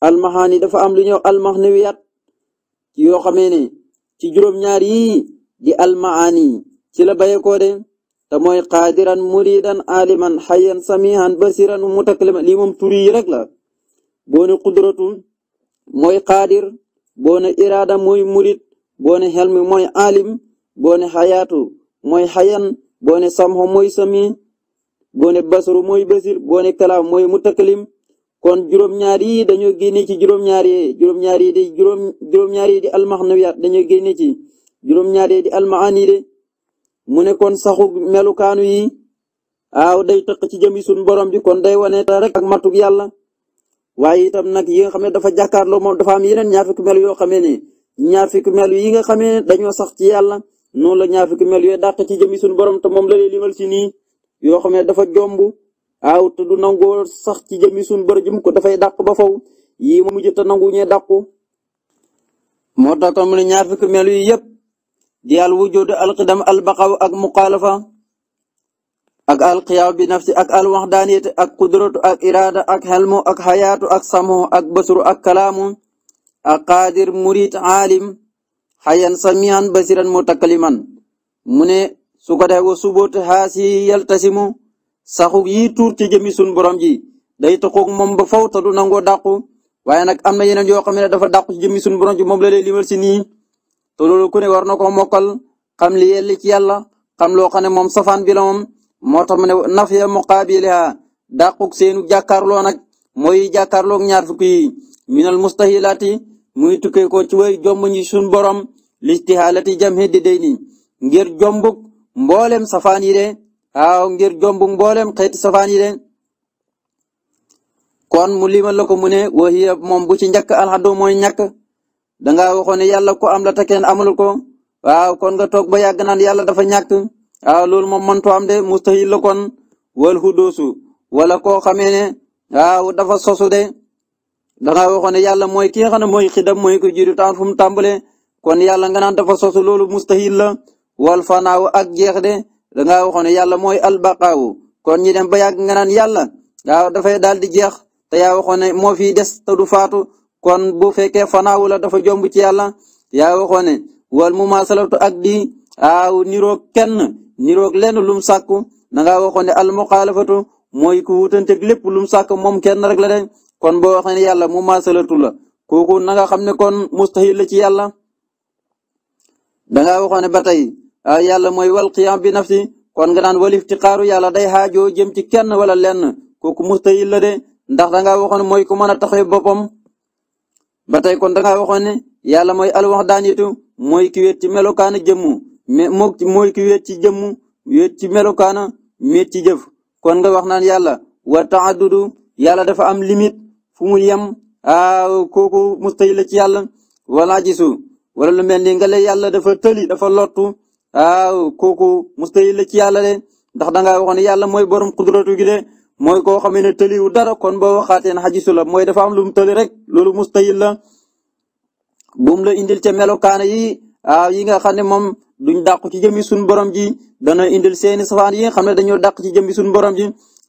almaani dafa am lu ñëw almahnawiyaat yoo xamee ne ci juróom-ñaar yi di almaani ci la bayekoo de te mooy qaadiran muridan aliman xayan samihan basiran mutakalliman lii moom tur yi rek la qudratu mooy qaadir boo ne iraada mooy murid boo ne mooy alim boo ne mooy xayan boo ne samho sami boo ne basaru mooy basir boo ne kalaam mooy mutakalim kon juróom-ñaar yi dañoo génne ci juróom-ñaar yi juróom-ñaar yi di juróom juróom-ñaar yi di almaxnawiyaat dañoo génne ci juróom-ñaar yi di almaani yi de mu ne kon saxu melukaanu yi aaw day tëq ci jëmi suñ borom bi kon day wane ta rek ak matuk yàlla waaye itam nag yi nga xam ne dafa jàkkaarloo moom dafa am yeneen ñaar fukki melu yoo xamee ne ñaar fukki melu yi nga xamee ne dañoo sax ci yàlla noonu la ñaar fukki melu yooyu dàq ci jëmi suñ borom te moom la lay limal si nii yoo xam ne dafa jomb aaw te du nangoo sax ci jëmi suñ ko dafay dàq ba faw yii mu mujj te nangu ñee dàqu moo tax kon mu ne ñaar fukki melu yi yëpp di al wujud alqidam albaqaw ak muxaalafa ak alqiyaaw bi nafsi ak alwaxdaaniyati ak qudratu ak iraada ak xelmu ak xayaatu ak samu ak basru ak kalaamu ak qaadir murid aalim xayan samihan basiran mutakaliman mu ne su ko defee wa subut xaasi yaltasimu saxu yi tuur ci jëmi sun borom ji day taxoog moom ba faw te du nangoo dàqu waaye nag am na yeneen yoo xam ne dafa dàqu ci jëmi sun borom ji moom la lay limal si nii te loolo ku ne war na ko mokkal xam li yelli ci yàlla xam loo xam ne moom safaan bi la moom moo tax mu ne nafiya muqaabiliha dàquk seenu jàkkaarloo nag mooy jàkkaarloog ñaar fukki yi minal mustahilaati muy tukkee ko ci way jomb ñi sun borom listihaalati jamhi di day ni ngir jombuk mboolem safaan yi de waaw ngir jombu mboolem xeeti safaan yi de kon mu limal la ko mu ne wa hiya moom bu ci njëkk alxaddu mooy ñàkk danga waxoon ne yàlla ku am la te kenn amul ko kon nga toog ba yàgg naan yàlla dafa ñàkk waaw loolu moom mëntu am de mustahil la kon wal hudoosu wala koo xamee ne dafa sosu de danga waxoon ne yàlla mooy ki nga xam ne mooy xidam mooy ko jiitu taan mu tàmbalee kon yàlla nga naan dafa sosu loolu mustahil la wal fanaaw ak jeex de danga waxoon ne yàlla mooy albaqaawu kon ñi dem ba yàgg nga naan yàlla waaw dafay daal di jeex te yaa waxoon ne moo fi des te du faatu kon bu fekkee fanaawu la dafa jomb ci yàlla ya waxoon ne wal mu maasalatu ak di aaw niroog kenn niroog lenn lum sàkku danga waxoon ne almuxaalafatu mooy ku wutanteeg lépp lum sàkk moom kenn rek la de kon boo waxee ne yàlla mu maasalatu la kooku na xam ne kon mustahil la ci yàlla danga waxoon ne ba tey yàlla mooy wal qiyaam bi nafsi kon nga naan wal iftixaaru yàlla day xaajoo jëm ci kenn wala lenn kooku mustahil la de ndax da ngaa waxoon mooy ko mën a taxawee boppam. ba tey kon da ngaa waxoon ne yàlla mooy alwaxdaaniyatu mooy ki wéet ci melokaana jëmmu mais mooy ki wéet ci jëmmu wéet ci melokaana wéet ci jëf kon nga wax naan yàlla wa taaddudu yàlla dafa am limite fu mu yem kooku mustahil la ci yàlla wala gisu wala lu mel ni nga le yàlla dafa tëli dafa lottu. waaw kooku mustahil la ci yàlla de ndax da ngaa waxoon ne yàlla mooy borom xudratu gi de mooy koo xamee ne tëliwu dara kon bo waxaatee ne xajisu la mooy dafa am lu mu tëli rek loolu mustahil la buum la indil ca melokaan yi yi nga xam ne moom duñ dàqu ci jëmmi suñu borom ji dana indil seeni safaan yi nga xam ne dañoo dàq ci jëmmi suñu borom ji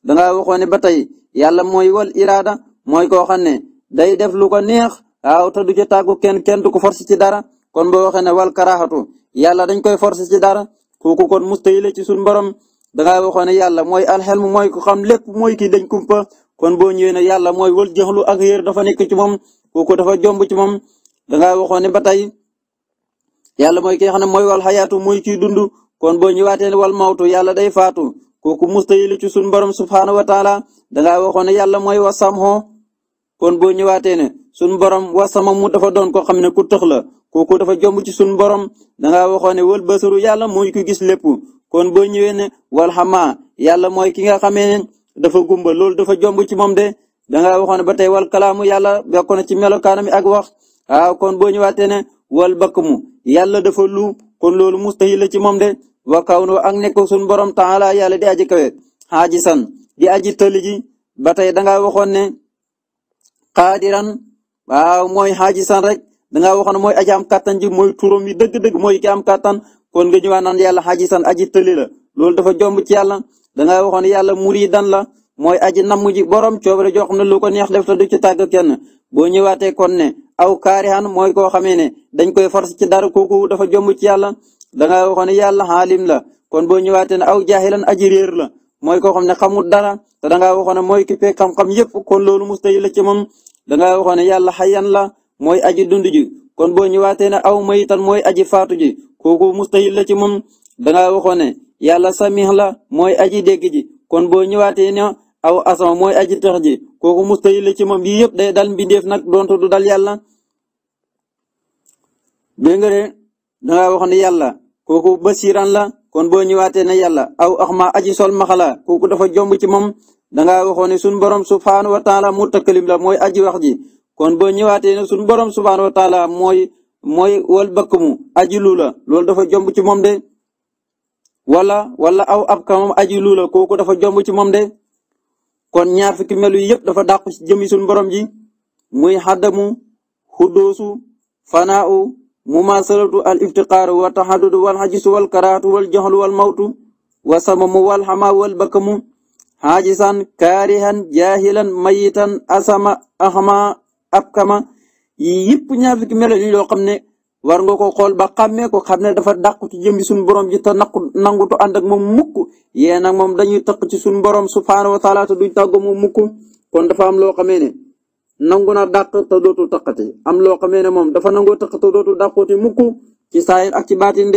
da ngaa waxoon ne ba tey yàlla mooy wal iraada mooy koo xam ne day def lu neex waaw te du ca tàggu kenn kenn du ko force ci dara kon boo waxee ne wal karaxatu yàlla dañ koy forcer ci dara kooku kon mustahil ci suñu borom dangaa waxoon ne yàlla mooy alxelm mooy ku xam lépp mooy kii dañ kumpa kon boo ñëwee ne yàlla mooy wal jëxlu ak yéer dafa nekk ci moom kooku dafa jomb ci moom dangaa waxoon ne ba tey yàlla mooy ki ne mooy wal xayaatu mooy kii dund kon boo ñëwaatee ne wal mawtu yàlla day faatu kooku mustahil ci suñu borom subhaanahu wa taala dangaa waxoon ne yàlla mooy wasamho kon boo ñëwaatee ne sun borom wa sama mu dafa doon koo xam ne ku tëx la kooku dafa jomb ci sun borom dangaa waxoon ne wal basaru yàlla mooy ku gis lépp kon boo ñëwee ne wal xamaa yàlla mooy ki nga xamee ne dafa gumba loolu dafa jomb ci moom de dangaa waxoon ne ba tey wal kalaamu yàlla bokk na ci melokaanam ak wax waaw kon boo ñëwaatee ne wal bakmu yàlla dafa lu kon loolu mustahil la ci moom de wa kaw noo ak nekk sun borom taala yàlla di aji kawe xaaji san di aji tëli ji ba tey dangaa waxoon ne waaw moy xaaji san rek dangaa waxoon mooy aji am kàttan ji mooy turam yi dëgg-dëgg mooy ki am kàttan kon nga ñëwaat naan yàlla xaaji san aji tëli la loolu dafa jomb ci yàlla dangaa waxoon yàlla muridan la mooy aji namm ji borom coobare joo xam ne lu ko neex def te du ci tàgg boo ñëwaatee kon ne aw kaarihan mooy koo xamee ne dañ koy force ci dara kooku dafa jomb ci yàlla dangaa waxoon yàlla xaalim la kon boo ñëwaatee ne aw jaahilan aji réer la mooy koo xam ne xamul dara te dangaa waxoon ne mooy ki fekk xam-xam yëpp kon loolu musta yi la ci moom danga waxoon ne yàlla xayan la mooy aji dund ji kon boo ñëwaatee ne aw mayitan mooy aji faatu ji kooku mustahil la ci moom danga waxoon ne yàlla samih la mooy aji dégg kon boo ñëwaatee ne aw asama mooy aji tax ji kooku mustahil la ci moom yii yëpp day dal mbindeef nag doonte du dal yàlla dégg nga de danga waxoon ne yàlla kooku basiran la kon boo ñëwaatee ne yàlla aw axma aji sol maxala kooku dafa jomb ci moom dangaa waxoon ne sunu borom subhaanahu wa taala mutakallim la mooy aji wax ji kon boo ñëwaatee ne sunu borom subhaanahu wa taala mooy mooy wal bëkk mu aji lu la loolu dafa jomb ci moom de. wala wala aw ab ka moom aji lu la kooku dafa jomb ci moom de kon ñaar fukki melu yëpp dafa dàqu ci jëmi sunu borom ji muy xaddamu xuddoosu fanaa'u al iftiqaaru wa taxadudu wal xajisu wal karaatu wal jaxlu wal mawtu wa samamu wal xamaa wal bakkamu haajisan kaarihan jaahilan mayitan asama axama abkama kama yëpp ñaar fukki melo yi loo xam ne war nga ko xool ba xàmmee ko xam ne dafa dàqu ci jëmbi suñu borom ji te nangu nangutu ànd ak moom mukk yee nag moom dañuy taq ci suñu borom subhaanahu wa taala te duñ tàggoo moom kon dafa am loo xamee ne nangu na dàq te dootul taqati am loo xamee ne moom dafa nangoo taq te dootul dàquti mukk ci saayir ak ci baatin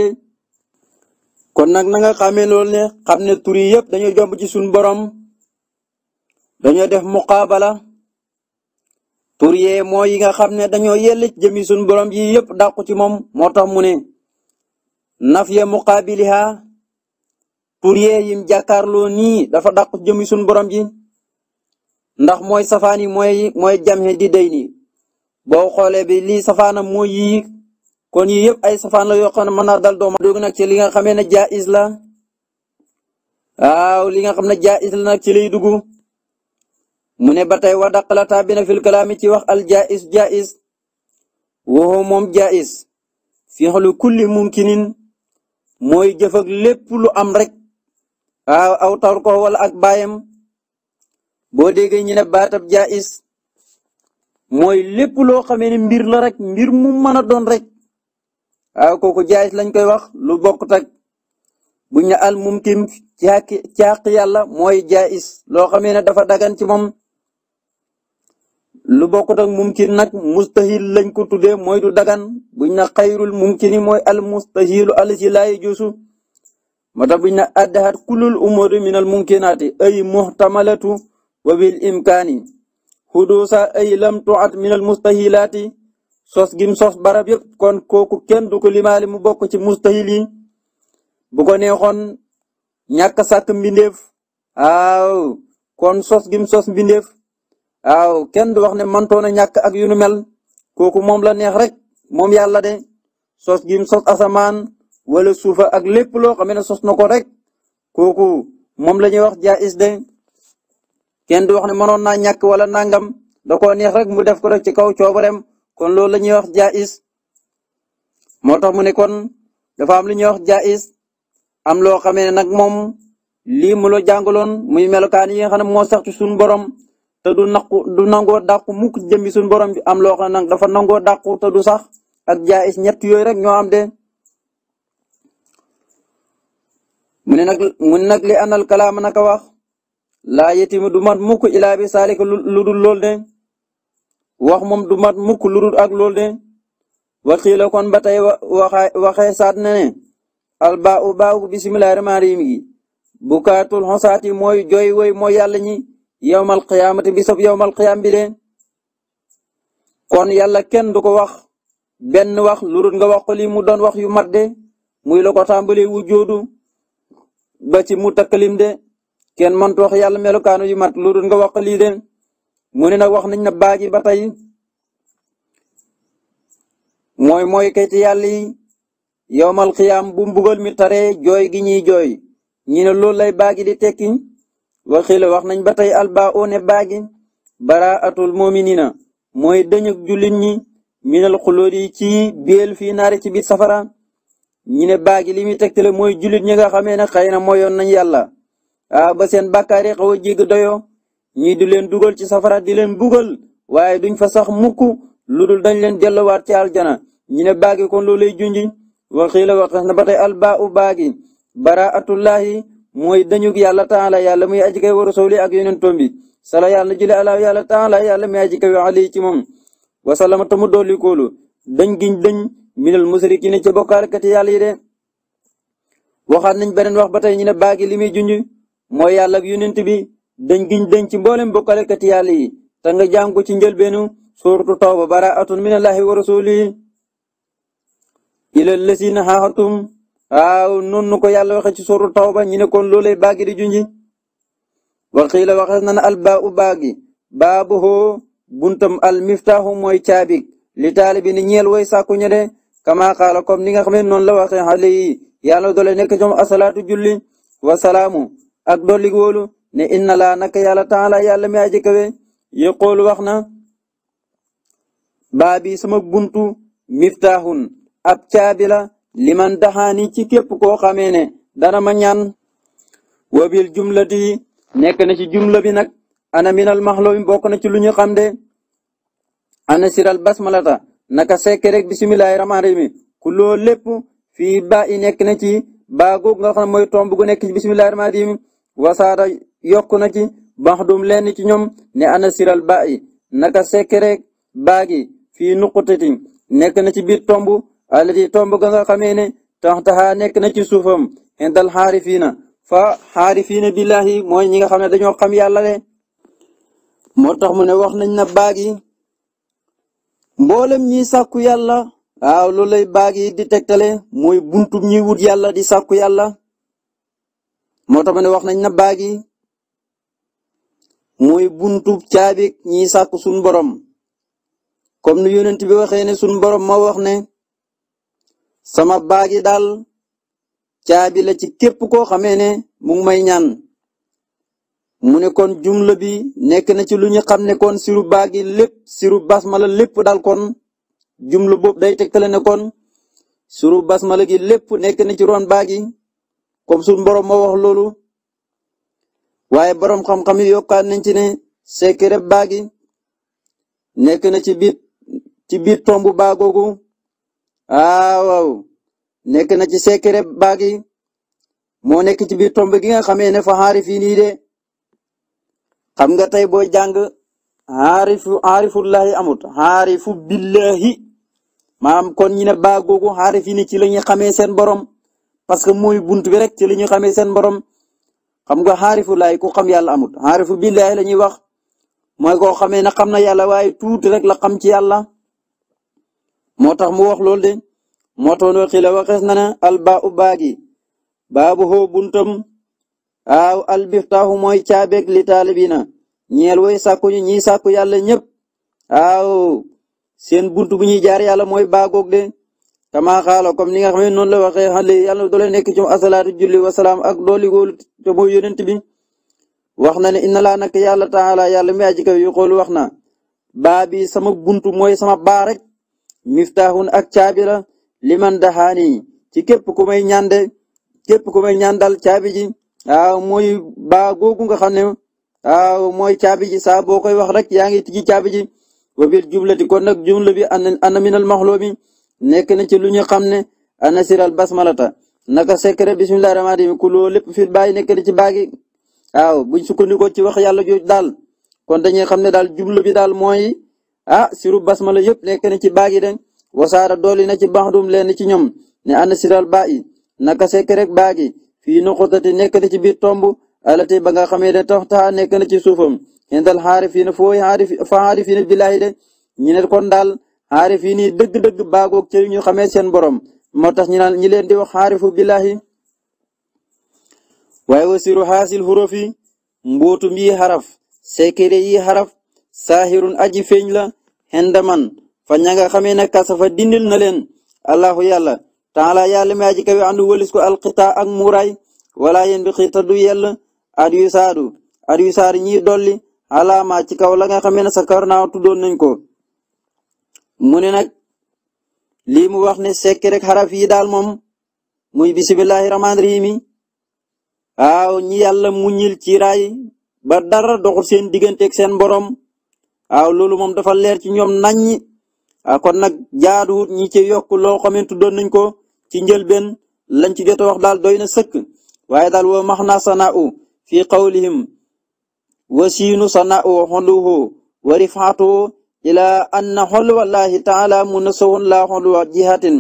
kon nag na nga xamee loolu ne xam ne tur yi yëpp dañoo jomb ci suñu borom dañoo def muqaabala tur yee mooy yi nga xam ne dañoo yell ci jëmi borom yi yëpp dàqu ci moom moo tax mu ne naf ya muqaabiliha tur yee yim jàkkaarloo nii dafa dàqu ci suñu borom ji ndax mooy safaan yi mooy mooy jamxe di day nii boo xoolee bi safaanam mooy yii kon yii yëpp ay safaan la yoo xam ne mën naa dal dooma aadama nag ci li nga xamee ne jaayis la waaw li nga xam ne jaayis la na ci lay dugg mu ne ba tey wa daqala taabina fil kalaami ci wax al jaayis jaayis woo moom jaayis fi'lu kulli mumkinin mooy jëf ak lépp lu am rek waaw aw taw wala ak baayam boo déggee ñu ne baatab jaayis mooy lépp loo xamee ne mbir la rek mbir mu mën a doon rek. waaw kooku jaayis lañ koy wax lu bokkut ak al mumkin ci àq ci àq yàlla mooy loo xamee ne dafa dagan ci moom lu bokkut ak mumkin nag mustahil lañ ko tuddee mooy du dagan buñ ne xayrul mumkini mooy al mustahilu alasi laa yajuusu moo tax buñ ne addahat kullul umuri min al ay muhtamalatu wa bil imkaani hudusa ay lam tuat min al sos gim sos barab yëpp kon kooku kenn du ko limaale mu bokk ci mustahil yi bu ko neexoon ñàkk sàkk mbindeef waaw kon sos gim sos mbindeef waaw kenn du wax ne mantoon a ñàkk ak yu mel kooku moom la neex rek moom yàlla de sos gim sos asamaan wala suufa ak lépp loo xam ne sos na ko rek kooku moom la ñuy wax jaayis de kenn du wax ne mënoon naa ñàkk wala nangam da koo neex rek mu def ko rek ci kaw coobareem kon loolu la ñuy wax jaayis moo tax mu ne kon dafa am lu ñuy wax jaayis am loo xamee ne nag moom lii mu la jàngaloon muy melokaan yi nga xam ne moo sax ci suñu borom te du naqu du nangoo dàqu mukk jëmmi suñu borom bi am loo xam nag dafa nangoo dàqu te du sax ak jaayis ñett yooyu rek ñoo am de. mu ne nag mu ne nag li anal kalaam naka wax laa yetimu du mat mukk ilaa bi saalika lu dul lool de. wax mom du mat mukk lu dul ak loolu de waxiila kon ba tey waxee saat na ne albaa u baaw bisimilahi rahmaani rahim gi bukaatul xosaati mooy jooy woy mooy yàlla ñi yowmal qiyaamati bisab yowmal qiyaam bi de kon yàlla kenn du ko wax benn wax lu nga wax ko lii mu doon wax yu mat de muy la ko tàmbalee wu joodu ba ci mu takkalim de kenn mëntu wax yàlla melukaanu yu mat lu nga wax ko de mu ne nag wax nañ na baaji ba tey mooy mooy kayti yàlla yi yowmal xiyaam bu mbugal mi taree jooy gi ñuy jooy ñi ne loolu lay baagi di tekki waxi la wax nañ ba tey alba oo ne baagi baraatul muminina mooy dëñëg julit ñi minal xulóot ci biel fii naari ci biir safara ñi ne baagi li muy tegtale mooy jullit ñi nga xamee ne xëy na mooyoon nañ yàlla ah ba seen bàkkaar xaw a jégg doyo ñii di leen dugal ci safara di leen bugal waaye duñ fa sax mukk lu dul dañ leen delluwaat ci aljana ñu ne baagi kon loolu lay junji waxiila waxas na ba tey albaa u baagi baraatullahi mooy dañug ta taala yàlla muy aji kay wa rasuli ak yonentoom bi sala yàlla jule alaaw yàlla taala yàlla muy aji kay ali ci moom wasalama tamu dolli koolu dañ giñ dañ minal musrikiina ca bokkaalkati yàlla yi de waxaat nañ beneen wax ba tey ñu ne baagi li muy mooy yàlla ak yonent bi dañ giñ dañ ci mboolem bokkalekat yàlla yi te nga jàng ko ci njëlbeenu suuratu tawba baraatun minallahi wa rasulihi ilal lasiina xaaxatum waaw noonu ko yàlla waxee ci suuratu tawba ñu ne kon loolay baagi di junji waxiila waxes na ne al baa u baagi baabu hoo buntam al miftaaxu mooy caabik li taalibi ni way sàkku ñe de kama xaala comme ni nga xam ne noonu la waxee xale yi yàlla doole nekk asalaatu julli wa salaamu ak dolli ne inna laa naka yàlla taala yàlla mi aji kawe yëqoolu wax na baabi sama buntu miftaaxun ab caabi la liman daxaani ci képp koo xamee ne dana ma ñaan wabil jumlati nekk na ci jumla bi nag ana minal maxloomi bokk na ci lu ñu xam de ana siral basmalata naka sekk rek bisimilahi rahmaani rahimi ku loo lépp fii ba i nekk na ci baa googu nga xam mooy tomb gu nekk ci bisimilahi rahmaani yokku na ci baxdum lenn ci ñoom ne ana siral ba yi naka sekkereeg baagi fii nuqutatin nekk na ci biir tomb alati tomb ga nga xamee ne taxtaxaa nekk na ci suufam indal xaarifiina fa xaarifiina billahi mooy ñi nga xam ne dañoo xam yàlla de moo tax mu ne wax nañ na baagi mboolem ñi saku yàlla waaw loolu lay baagi di tegtale mooy buntu ñiy wut yàlla di sàkku yàlla moo tax ne wax nañ na baagi mooy buntub caabik ñiy sàkk sun borom comme ni yonent bi waxee ne sun borom ma wax ne sama baagi daal caabi la ci képp koo xamee ne mu may ñaan mu ne kon bi nekk na ci lu ñu xam ne kon siru baagi lépp siru basmala lépp daal kon jumla boobu day tegtale ne kon siru basmala gi lépp nekk na ci ron baagi comme sun borom ma wax loolu waaye boroom xam-xam yi yokkaat nañ ci ne secret baagi nekk na ci biir ci biir tombu baagoogu ah waaw nekk na ci secret baagi moo nekk ci biir tomb gi nga xamee ne fa xaarif yi nii de xam nga tey boo jàng xaarifu xaarifullahi amut xaarifu billahi maanaam kon ñi ne baagoogu xaarif yi ni ci la ñuy xamee seen borom parce que mooy bunt bi rek ci la ñuy xamee seen borom xam nga xaarifu laay ku xam yàlla amut xaarifu billaahi la ñuy wax mooy koo xamee na xam na yàlla waaye tuuti rek la xam ci yàlla moo tax mu wax loolu de moo tax noo xila waxees na ne albaa u baagi baabu xoo buntam aaw albixtaahu mooy caabeeg li taalibiina ñeel way sàkku ñu ñiy sàkku yàlla ñëpp aaw seen bunt bu ñuy jaar yàlla mooy baagoog de kama xaala comme ni nga xam ne noonu la waxee xale yàlla na doole nekk ci asalaatu juli wa salaam ak dooli góolu te mooy yonent bi wax na ne inna laa nak yàlla taala yàlla mi aji kaw yu xool wax na baa bi sama buntu mooy sama baa rek miftaaxun ak caabi la liman daxaani ci képp ku may ñande képp ku may ñandal caabi ji moy mooy baa nga xam ne waaw mooy caabi ji saa koy wax rek yaa ngi tijji caabi ji wa bil jumlati kon nag jumla bi ana minal maxloomi nekk na ci lu ñu xam ne anasiral basmalata naka secret bismillahi rahmaani rahiim ku loolu lépp fi bàyyi nekk na ci baagi waaw buñ sukkandikoo ci wax yàlla jooju daal kon dañuy xam ne daal jublu bi daal mooy ah siru basmala yëpp nekk na ci baagi de wasaara dolli na ci baxdum leen ci ñoom ne anasiral baa yi naka secret rek baagi fii nuqutati nekk na ci biir tomb alati ba nga xamee de tax taa nekk na ci suufam indal xaarifiina fooy xaarifi fa xaarifiina billaahi de ñu kon xaarif yi nii dëgg-dëgg baagoog ci ñu xamee seen boroom moo tax ñi naan ñi leen di wax xaarifu billahi waaye wasiru xaasil xuruf yi mbootum yi xaraf sekere yi xaraf saahirun aji feeñ la hendaman fa ña nga xamee ne kasafa dindil na leen allahu yàlla taala yàlla mi aji kawe andu wëlis ko alxita ak muuraay wala yéen bi xita du yàlla ad yu ad yu saar dolli alaama ci kaw nga xamee na sa karnaaw doon nañ ko mu ne nag lii mu wax ne sekk rek xaraf yi daal moom muy bisimilahi rahmaani rahim waaw ñi yàlla muñil ci raay ba dara doxul seen digganteeg seen borom waaw loolu moom dafa leer ci ñoom naññi waaw ah, kon nag jaaduwut ñi ci yokk loo xamante doon nañ ko ci njëlbeen lañ ci jot wax daal doy na sëkk waaye dal wa max naa sana'u fi qawlihim wa siinu sana'u xonduhu wa rifaatu ila anna xolwa allahi taala munasawun la xolwa jihatin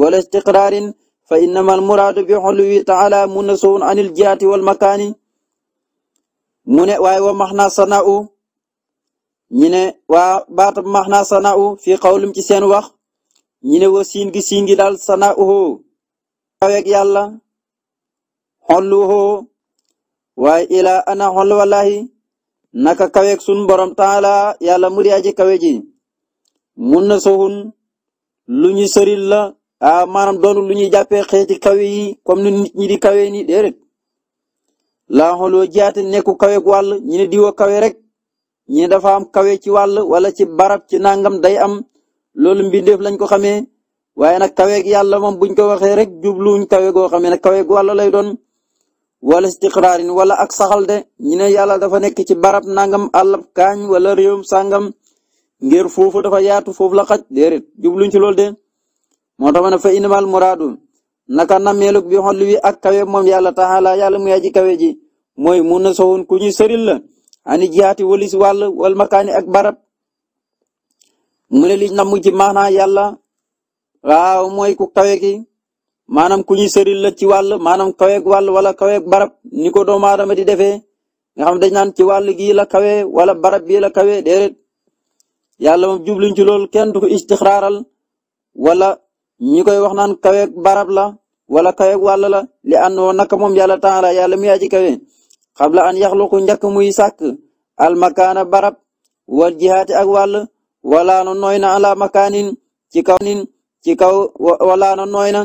wala istiqrarin fa innama almuraadu bi xolwi taala munasawun anil jihati wal makaani mu ne waaye wa maxna sana'u ñi ne waa baatab maxna sana'u fi qawlum ci seen wax ñi ne wa siin gi siin gi daal sana'uhu kaweeg yàlla xolluhu ila ana xolwa allahi naka kaweeg sun borom taala yàlla mu di aji kawe ji mun na soxun lu ñu sëril la ah maanaam doonul lu ñuy jàppee xeeti kawe yi comme ni nit ñi di kawe ni déedéet laa xooloo jaate nekku kaweeg wàll ñu ne kawe rek ñi dafa am kawe ci wàll wala ci barab ci nangam day am loolu mbindeef lañ ko xamee waaye nag kaweeg yàlla moom buñ ko waxee rek jubluwuñ kawe goo xamee ne kaweeg wàll lay doon wala istiqraarin wala ak saxal de ñu ne yàlla dafa nekk ci barab nangam àllab kaañ wala réewum sàngam ngir foofu dafa yaatu foofu la xaj déedéet jubluñ ci loolu de moo tax ma ne fa muraadu naka nameelug bi xol wi ak kawe moom yàlla taala yàlla mu yaji kawe ji mooy mun na sowoon ku ñuy sëril la ani jihaati walis wàll wal makaani ak barab mu ne li namu ci maanaa yàlla waaw mooy ku kawe maanaam ku ñuy la ci wàll maanaam kaweeg wàll wala kaweeg barab ni ko doomu aadama di defee nga xam dañ naan ci wàll gii la kawe wala barab bii la kawe déedéet yàlla moom jubluñ ci loolu ken du ko istixraaral wala ñi koy wax naan kaweeg barab la wala kaweeg wàll la li àndoo naka moom yàlla taala yàlla mu yaa ci kawe xabla an yaxluqu njëkk muy sàkk al makaana barab wal jihaati ak wàll walaano nooy na ala makaanin ci kaw nin ci kaw walaano nooy na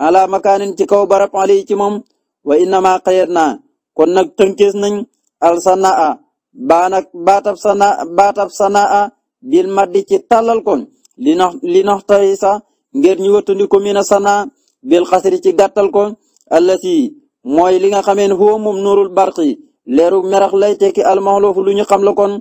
ala makaanin ci kaw barab ali ci moom wa innama xayet na kon nag tënkees nañ al sanaa baa nag baatab sana baatab sanaa bil maddi ci tàllal kon li nox li nox tay sa ngir ñu wattandiku mina sanaa bil xasri ci gàttal ko allati mooy li nga xameen huwa moom nuurul barqi leeru merax lay tekki almaxloofu lu ñu xam la kon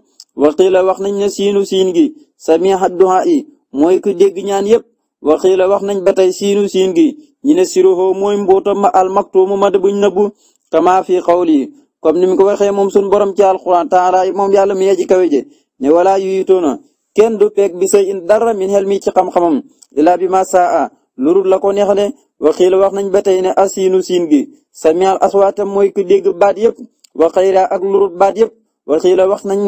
waxiila wax nañ ne siinu siin gi samiha duhaa yi mooy ku dégg ñaan yépp waxiila wax nañ ba tey siinu siin gi ñu ne siruhoo mooy mbóotam ma almaktuumu ma buñ nëbbu kama fi xawli comme ni mu ko waxee moom sun borom ci alquran taala moom yàlla mi yeji kawe je ne wala yuyitoona kenn du peeg bi say in dara min xel mi ci xam-xamam ila bi ma saa lurul la ko neex de waxiila wax nañ ba tey ne asiinu siin gi samial aswaatam mooy ku dégg baat yëpp waxayra ak lurul baat yëpp waxiila wax nañ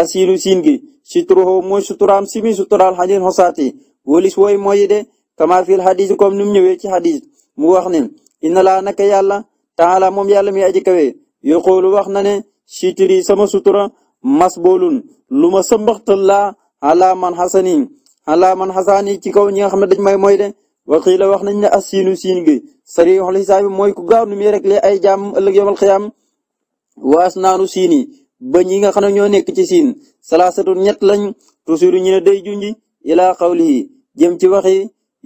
asiinu siin gi sutruhoo mooy suturaam simi suturaal xanin xosaati wóolis wooy mooy de kama fil xadis comme ni mu ñëwee ci xadis mu wax ne inna laa naka yàlla taala moom yàlla mi aji kawe yoxoolu wax na ne sitiri sama sutura mas boolun lu ma sëmbaxtal laa ala man xasani ala man xasaani ci kaw ñi nga xam ne dañ may mooy de waxiila wax nañ ne as siinu siin gi sariixul xisaabi mooy ku gaaw nu muy rek lee ay jaam ëllëg yowal xiyaam waas naanu siini ba ñi nga xam ne ñoo nekk ci siin salaasatun ñett lañ tusiru ñu ne day junji ilaa xawlihi jëm ci waxi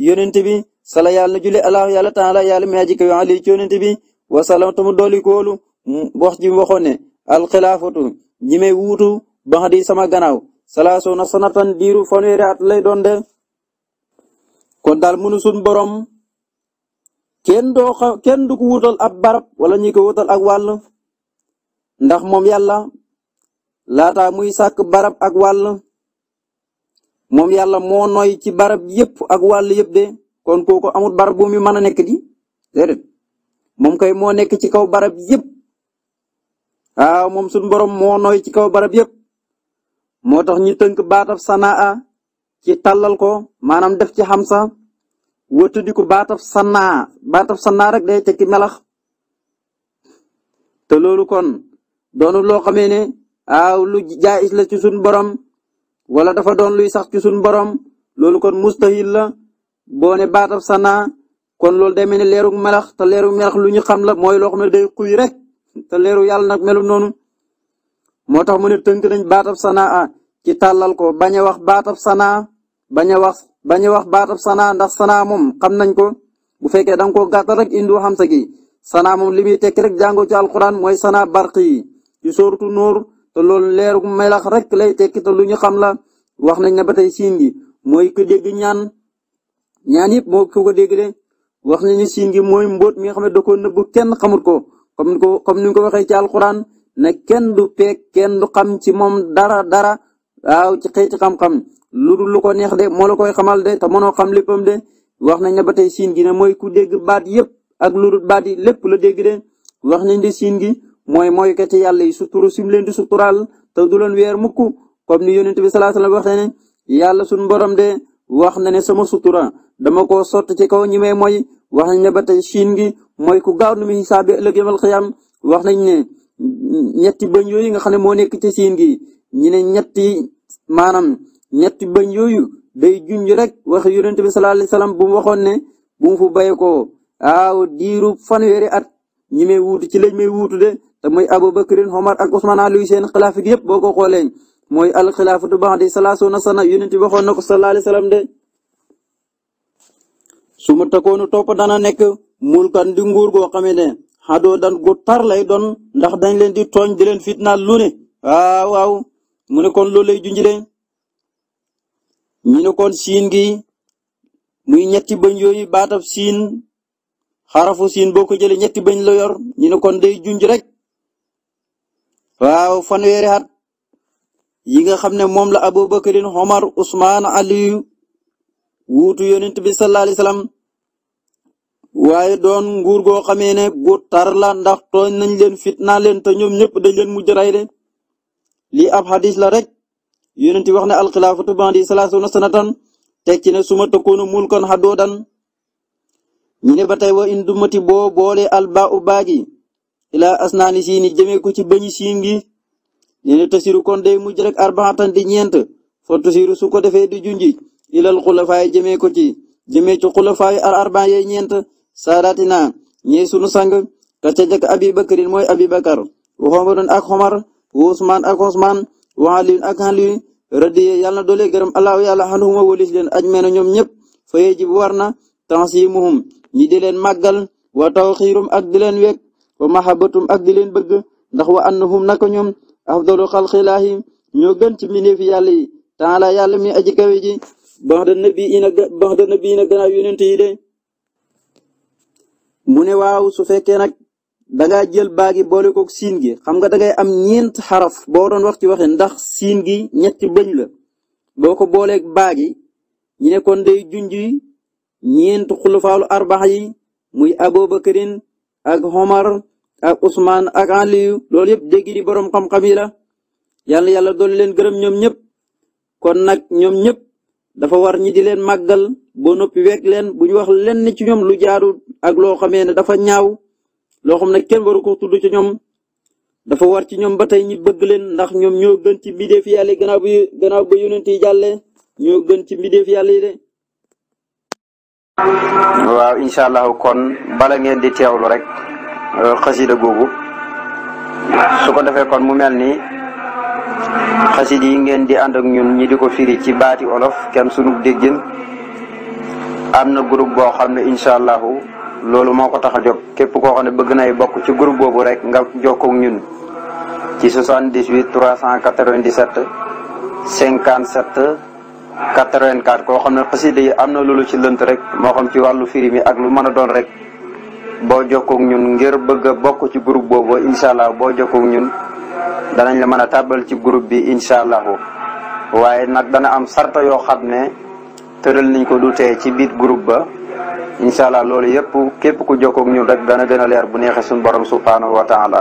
yonent bi sala yàlla na julli allahu yàlla taala yàlla mi aji kawe ci yonent bi wasalaam tamu dooli koolu wax ji mu waxoon ne alxilaafatu ñi may wuutu ba di sama gannaaw salaaso na sanatan diiru fanweeri at lay doon de kon daal mënu suñ borom kenn doo xa kenn du ko wutal ab barab wala ñi ko wutal ak wàll ndax moom yàlla laata muy sàkk barab ak wàll moom yàlla moo noy ci barab yépp ak wàll yépp de kon kooku amul barab bu mu mën a nekk di déedéet moom kay moo nekk ci kaw barab yépp waaw moom suñu borom moo noy ci kaw barab yépp moo tax ñu tënk baatab sanaa ci tàllal ko maanaam def ci xamsa wëtu di ko baatab sanaa baatab sanaa rek day ki melax te loolu kon doonu loo xamee ne waaw lu jaayis ci suñu borom wala dafa doon luy sax ci suñ borom loolu kon mustahil la boo ne sanaa kon loolu day mel ni leerug melax te leerug melax lu ñu xam la mooy loo xam ne day kuy rek te leeru yàlla nag melu noonu moo tax mu ne tënk nañ baatab sanaa ah, ci tàllal ko bañ a wax baatab sanaa bañ a wax bañ a wax baatab sanaa ndax sanaa moom xam nañ ko bu fekkee dang nga koo gàttal rek indi xam sa gi sanaa moom li muy tekki rek jàngoo ci alquran mooy sanaa barqi ci sóoratu nuur te loolu leeru melax rek lay tekki te lu ñu xam la wax nañ ne ba tey siin gi mooy ko dégg ñaan ñaan yëpp moo ko ko dégg de wax nañ nañu siin gi mooy mbóot mi nga xam ne da koo nëbb kenn xamut ko comme ko comme ni ko waxee ci alxuraan ne kenn du peeg kenn du xam ci moom dara dara waaw ci xeeti xam-xam lu dul lu ko neex de moo la koy xamal de te mënoo xam léppam de wax nañ ne ba tey siin gi ne mooy ku dégg baat yëpp ak lu dul baat yi lépp la dégg de wax nañ de siin gi mooy mooy ka ci yàlla yi suturu sim leen di suturaal te du leen weer mukk comme ni yonent bi wa sallam waxee ne yàlla suñu borom de wax na ne sama sutura dama ko sotti ci kaw ñi may mooy wax nañ ne ba tey Chine gi mooy ku gaaw nu muy xisaabe ëllëg yamal xiyaam wax nañ ne ñetti bëñ yooyu nga xam ne moo nekk ci Chine gi ñu ne ñetti maanaam ñetti bëñ yooyu day junj rek wax yonent bi sallallahu alayhi wa bu mu waxoon ne bu fu bayee ko aaw diiru fanweeri at ñi may wuutu ci lañ may de. muy Aboubacrine Omar ak Ousmane Aliou seen xilaafa gi yëpp boo ko xoolee mooy al xilaafatu ba'da salaasuuna sana yonent bi waxoon na ko sallallahu alayhi wa sallam de su ma takkoonu topp dana nekk mulkan di nguur goo xamee ne xadoo dan gu tar lay doon ndax dañ leen di tooñ di leen fitnaal lu ne waaw waaw kon loolu lay junj de ñu ne kon siin gi muy ñetti bëñ yooyu baatab siin xarafu siin boo ko ñetti bëñ la yor ñu ne kon day junj rek waaw fanweeri at yi nga xam ne moom la abubakarin omar usmaan aliyu wuutu yonent bi sallallahu alayhi wasallam waaye doon nguur goo xamee ne gu tar la ndax tooñ nañ leen fitnaa leen te ñoom ñépp dañ leen mujj ray de lii ab hadis la rek yonent bi wax ne alxilaafatu bandi salaasuna sanatan teg ci ne suma takkoonu mulkan hadoodan ñu ne ba tey wa indumati boo boole alba u baagi ila asnaani siini jëmee ko ci bëñi siin gi nee na tasiru kon day mujj rek arbaatan di ñeent fa tasiru su ko defee di junji ilal xulafaay jëmee ko ci jëmee ci xulafaayu ar arbaan yee ñeent saadaatina sunu sang ka ca jëkk abi bakarin mooy abi bakar wa xomaroon ak xomar wa usmaan ak usmaan wa aliyun ak aliyu radiya yàlla na doole gërëm allahu yàlla xanhuma walis leen aj meena ñoom ñëpp fa yejib war na tansimuhum ñi di leen màggal wa tawxiirum ak di leen wa mahabbatum ak di leen bëgg ndax wa annahum naka ñoom afdalu xalqilaahi ñoo gën ci mbindeefi yàlla yi taala yàlla mi aji kawe ji baxda nabi ina baxda nabi yi de mu ne waaw su fekkee nag dangaa jël baagi boole koog siin gi xam nga dangay am ñeent xaraf boo doon wax ci waxe ndax siin gi ñetti bëñ la boo ko booleeg baagi ñu ne kon day junj ñeent xulufaalu arbax yi muy abubakarin ak Omar ak Ousmane ak Aliou loolu yëpp dégg ni borom xam-xam yi la yàlla yàlla doon leen gërëm ñoom ñëpp kon nag ñoom ñëpp dafa war ñi di leen màggal bo noppi weeg leen bu wax lenn ci ñoom lu jaarul ak loo xamee ne dafa ñaaw loo xam ne kenn waru ko tudd ci ñoom dafa war ci ñoom ba tey ñi bëgg leen ndax ñoom ñoo ci mbindeef yàlla gannaaw bi gannaaw ba yonent yi jàllee ñoo ci mbindeef yàlla yi waaw incha allahu kon bala ngeen di teewlu rek euh, xasida googu su ko defee kon mu mel ni xasida yi ngeen di ànd ak ñun ñi di ko firi ci baati olof kenn sunu déggin am na groupe boo xam ne incha allahu loolu moo ko tax a jóg képp koo xam ne bëgg nay bokk ci groupe boobu rek nga jokkoo ak ñun ci 78 397 57 84 koo xam ne xasida yi am na loolu ci lënt rek moo xam ci wàllu firi mi ak lu mën a doon rek boo jokkoog ñun ngir bëgg bokk ci groupe boobu incha allah boo jokkoog ñun danañ la mën a tàbbal ci groupe bi incha allahu waaye nag dana am sarta yoo xam ne tëral nañ ko du tee ci biir groupe ba incha allah loolu yëpp képp ku jokkoog ñun rek dana gën a leer bu neexee suñu borom subhanahu wa taala